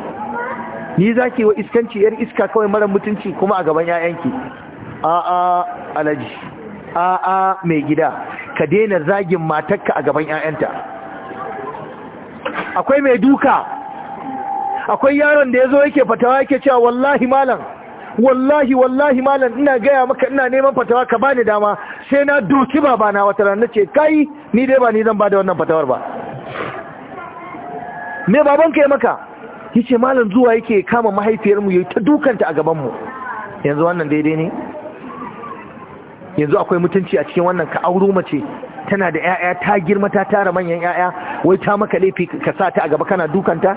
ni zaki wa iskanci yar iska kawai mara mutunci kuma a gaban yayan ki a a alaji a mai gida ka daina zagin matakka a gaban yayanta akwai mai duka akwai yaron da ya zo yake fatawa yake cewa wallahi malam wallahi wallahi malam ina gaya maka ina neman fatawa ka bani dama sai na doki babana wata ran nace kai ni dai ba ni zan bada wannan fatawar ba me baban ka ya maka yace malam zuwa yake kama mahaifiyar mu yayi ta dukanta a gaban mu yanzu wannan daidai ne yanzu akwai mutunci a cikin wannan ka auro mace tana da 'ya'ya ta girma ta tara manyan 'ya'ya wai ta maka laifi ka sa ta a gaba kana dukanta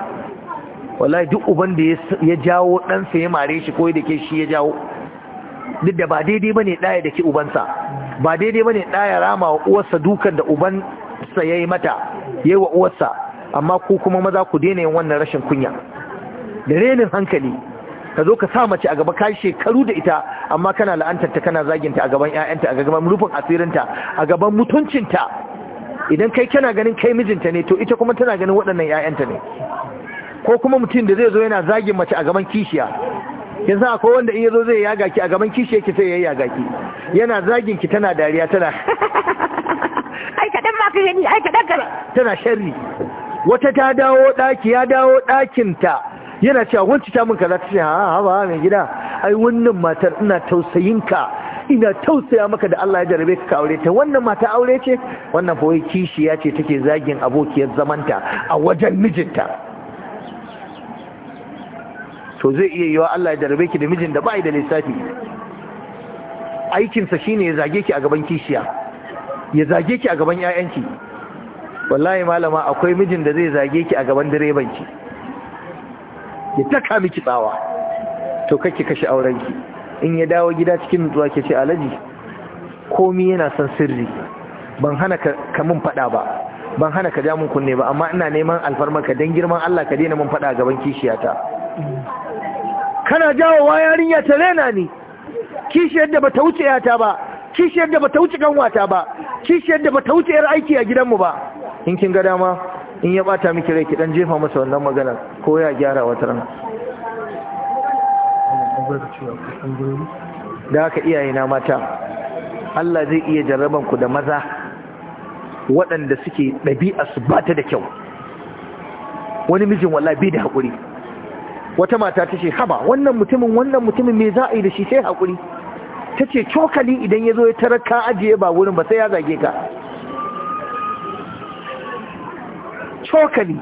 wallahi duk uban da ya jawo ɗansa ya mare shi ko da ke shi ya jawo duk da ba daidai bane ɗaya da ke ubansa ba daidai bane ɗaya rama wa uwarsa dukan da ubansa ya yi mata ya yi wa uwarsa amma ko kuma maza ku daina yin wannan rashin kunya da renin hankali ka zo ka sa mace a gaba ka shekaru da ita amma kana la'antarta kana zaginta a gaban 'ya'yanta a gaban rufin asirinta a gaban mutuncinta idan kai kana ganin kai mijinta ne to ita kuma tana ganin waɗannan 'ya'yanta ne ko kuma mutum da zai zo yana zagin mace a gaban kishiya kin san akwai wanda in yazo zai yaga ki a gaban kishiya ki sai ya yaga ki yana zagin ki tana dariya tana ai maka ma ka gani ai kadan kaza tana sharri wata ta dawo daki ya dawo dakin ta yana cewa wanci ta min kaza ta ce ha ha ba mai gida ai wannan matar ina tausayin ka ina tausaya maka da Allah ya jarabe ka aure ta wannan mata aure ce wannan fa kishiya ce take zagin abokiyar zamanta a wajen mijinta to zai iya yiwa Allah ya jarabe ki da mijin da bai da lissafi aikinsa shine ya zage ki a gaban kishiya ya zage ki a gaban 'ya'yanki wallahi malama akwai mijin da zai zage ki a gaban ki ya taka miki tsawa to kake auren ki? in ya dawo gida cikin nutsuwa ke ce alaji komi yana son sirri ban hana ka mun fada ba ban hana ka ja mun kunne ba amma ina neman ka dan girman Allah ka daina mun fada gaban kishiyata kana jawowa yarinya ta rena ne kishi yadda bata wuce yata ba kishiyar yadda bata wuce kanwata ba kishi yadda bata wuce yar aiki a gidanmu ba in kin ga dama in ya bata miki rai ki jefa masa wannan magana ko ya gyara wata rana da haka iyaye na mata Allah zai iya jarraban ku da maza waɗanda suke ɗabi'a su bata da kyau wani mijin wallahi bai da haƙuri wata mata ta ce haba wannan mutumin wannan mutumin me za a yi da shi sai haƙuri ta ce cokali idan ya zo ya tarar ka ajiye ba wurin ba sai ya zage ka cokali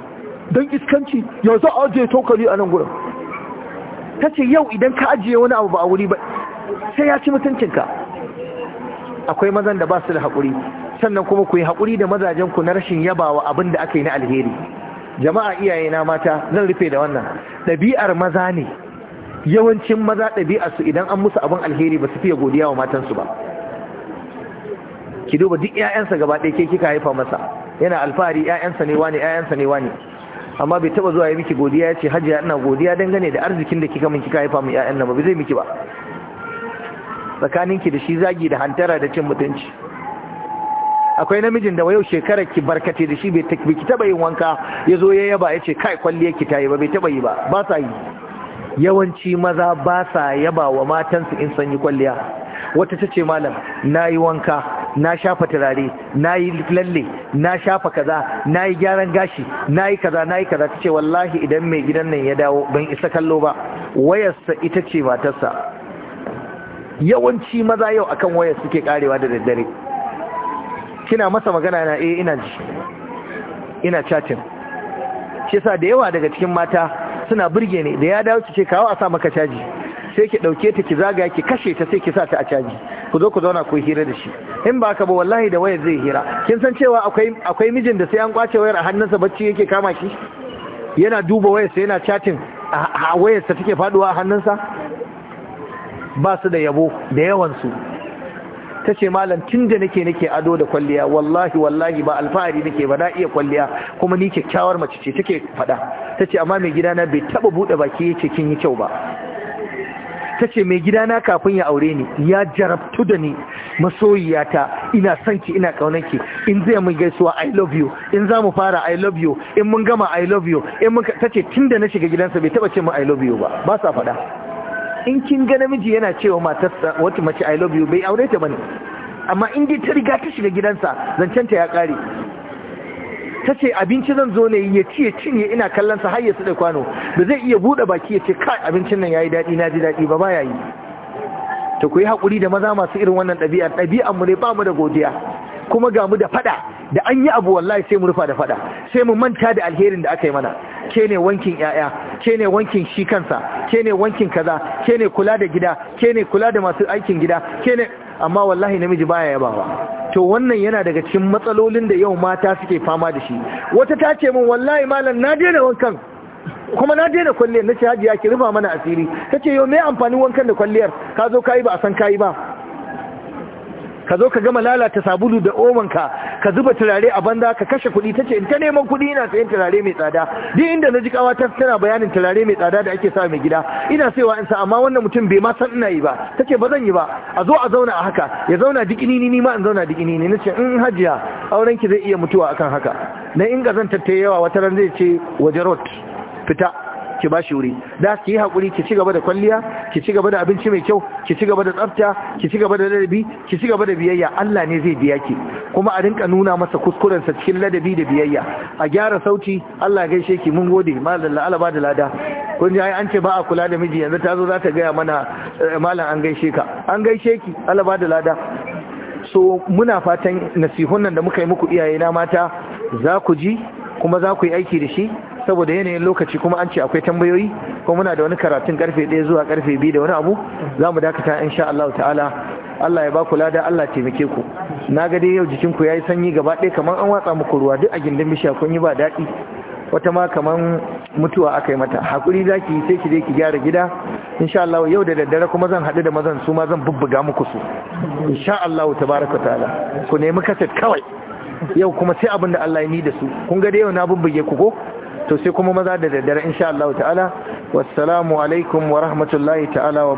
don iskanci yau za a ajiye cokali a nan gudun ta ce yau idan ka ajiye wani abu ba a wuri ba sai ya ci mutuncinka akwai mazan da ba su da haƙuri sannan kuma ku yi haƙuri da mazajenku na rashin yabawa abin da aka yi na alheri jama'a iyaye na mata zan rufe da wannan ɗabi'ar maza ne yawancin maza ɗabi'ar su idan an musu abin alheri ba su fiye godiya wa matansu ba ki duba duk ƴaƴansa gaba ɗaya ke kika haifa masa yana alfahari ƴaƴansa ne wani ƴaƴansa ne wani amma bai taba zuwa ya miki godiya ya ce ya ina godiya dangane da arzikin da kika min kika haifa min ƴaƴan nan ba zai miki ba tsakaninki da shi zagi da hantara da cin mutunci akwai namijin da wayau shekarar ki barkate da shi bai ki taba yin wanka ya zo ya yaba ya ce kai kwalliya ki ta ba bai taba yi ba ba sa yi yawanci maza ba sa yaba wa matansu in sanyi yi kwalliya wata ta ce malam na yi wanka na shafa turare na yi lalle na shafa kaza na yi gyaran gashi na yi kaza na yi kaza ta ce wallahi idan mai gidan nan ya dawo ban isa kallo ba wayarsa ita ce matarsa yawanci maza yau akan wayar suke karewa da daddare kina masa magana na eh ina ji ina chatting shi yasa da yawa daga cikin mata suna burge ne da ya dawo ki ce kawo a sa maka caji sai ki dauke ta ki zagaya ki kashe ta sai ki sa ta a caji ku zo ku zauna ku hira da shi in ba ka ba wallahi da wayar zai hira kin san cewa akwai akwai mijin da sai an kwace wayar a hannunsa bacci yake kama shi yana duba wayar sa yana chatting a wayar sa take faduwa a hannunsa ba su da yabo da yawan su ta ce malam tun da nake nake ado da kwalliya wallahi wallahi ba alfahari nake ba na iya kwalliya kuma ni kyakkyawar mace ce take faɗa ta ce amma mai na bai taba buɗe baki ya ce kin yi kyau ba ta ce gida na kafin ya aure ni ya jarabtu da ni masoyiyata ina son ki ina kaunanki in zai mun gaisuwa i love you in za mu fara i love you in mun gama i love you in mun ta ce na shiga gidansa bai taba ce mun i love you ba ba sa faɗa in kin ga namiji yana cewa matarsa wata mace I love you bai aure ta bane amma in dai ta riga ta shiga gidansa zancen ta ya kare ta ce abinci zan zo ne ya ci ya cinye ina kallon sa har ya suɗe kwano da zai iya buɗe baki ya ce kai abincin nan yayi daɗi na ji daɗi ba ba yi. to ku yi haƙuri da maza masu irin wannan ɗabi'a dabi'an mu ne ba mu da godiya kuma ga mu da fada da an yi abu wallahi sai mu rufa da fada sai mu manta da alherin da aka yi mana ke ne wankin yaya ke ne wankin shi kansa ke ne wankin kaza ke ne kula da gida ke ne kula da masu aikin gida ke ne amma wallahi namiji baya yabawa to wannan yana daga cikin matsalolin da yau mata suke fama da shi wata ta ce min wallahi malam na daina wankan kuma na daina kwalliyar na ce hajiya ki rufa mana asiri ta ce yau me amfanin wankan da kwalliyar ka zo kayi ba a san kayi ba ka zo ka gama lalata sabulu da omanka ka zuba turare a banda ka kashe kuɗi ta ce in ta neman kuɗi ina sayan turare mai tsada duk inda na ji kawa ta tana bayanin turare mai tsada da ake sa mai gida ina sayawa in sa amma wannan mutum bai ma san ina yi ba ta ce ba zan yi ba a zo a zauna a haka ya zauna dikini ni ma in zauna dikini ne na ce in mm, hajiya auren ki zai iya mutuwa akan haka na in zan tattayewa yawa wata ran zai ce waje rot fita ki ba shi wuri da ki yi hakuri ki ci gaba da kwalliya ki ci gaba da abinci mai kyau ki ci gaba da tsafta ki ci gaba da ladabi ki ci gaba da biyayya Allah ne zai biya ki kuma a rinka nuna masa kuskuren sa cikin ladabi da biyayya a gyara sauti Allah gaishe ki mun gode malam Allah ba da lada kun ji ai an ce ba a kula da miji yanzu ta zo za ta gaya mana eh, malam an gaishe ka an gaishe ki Allah ba da lada so muna fatan nasihun nan da muka yi muku iyaye na mata za ku ji kuma za ku yi aiki da shi saboda yanayin lokaci kuma an ce akwai tambayoyi ko muna da wani karatun karfe ɗaya zuwa karfe biyu da wani abu za mu dakata insha Allah ta'ala Allah ya ba ku lada Allah taimake ku na ga dai yau jikinku yayi sanyi gaba ɗaya kamar an watsa muku ruwa duk a gindin bishiya kun yi ba daɗi wata ma kamar mutuwa aka yi mata hakuri za ki sai ki je ki gyara gida insha Allah yau da daddare kuma zan haɗu da mazan su ma zan bubbuga muku su insha Allah tabaraka ta'ala ku nemi kaset kawai yau kuma sai abin da Allah ya ni da su kun ga da yau na bubbuge ku ko to sai kuma maza da daddare insha Allah ta'ala wassalamu alaikum wa rahmatullahi ta'ala wa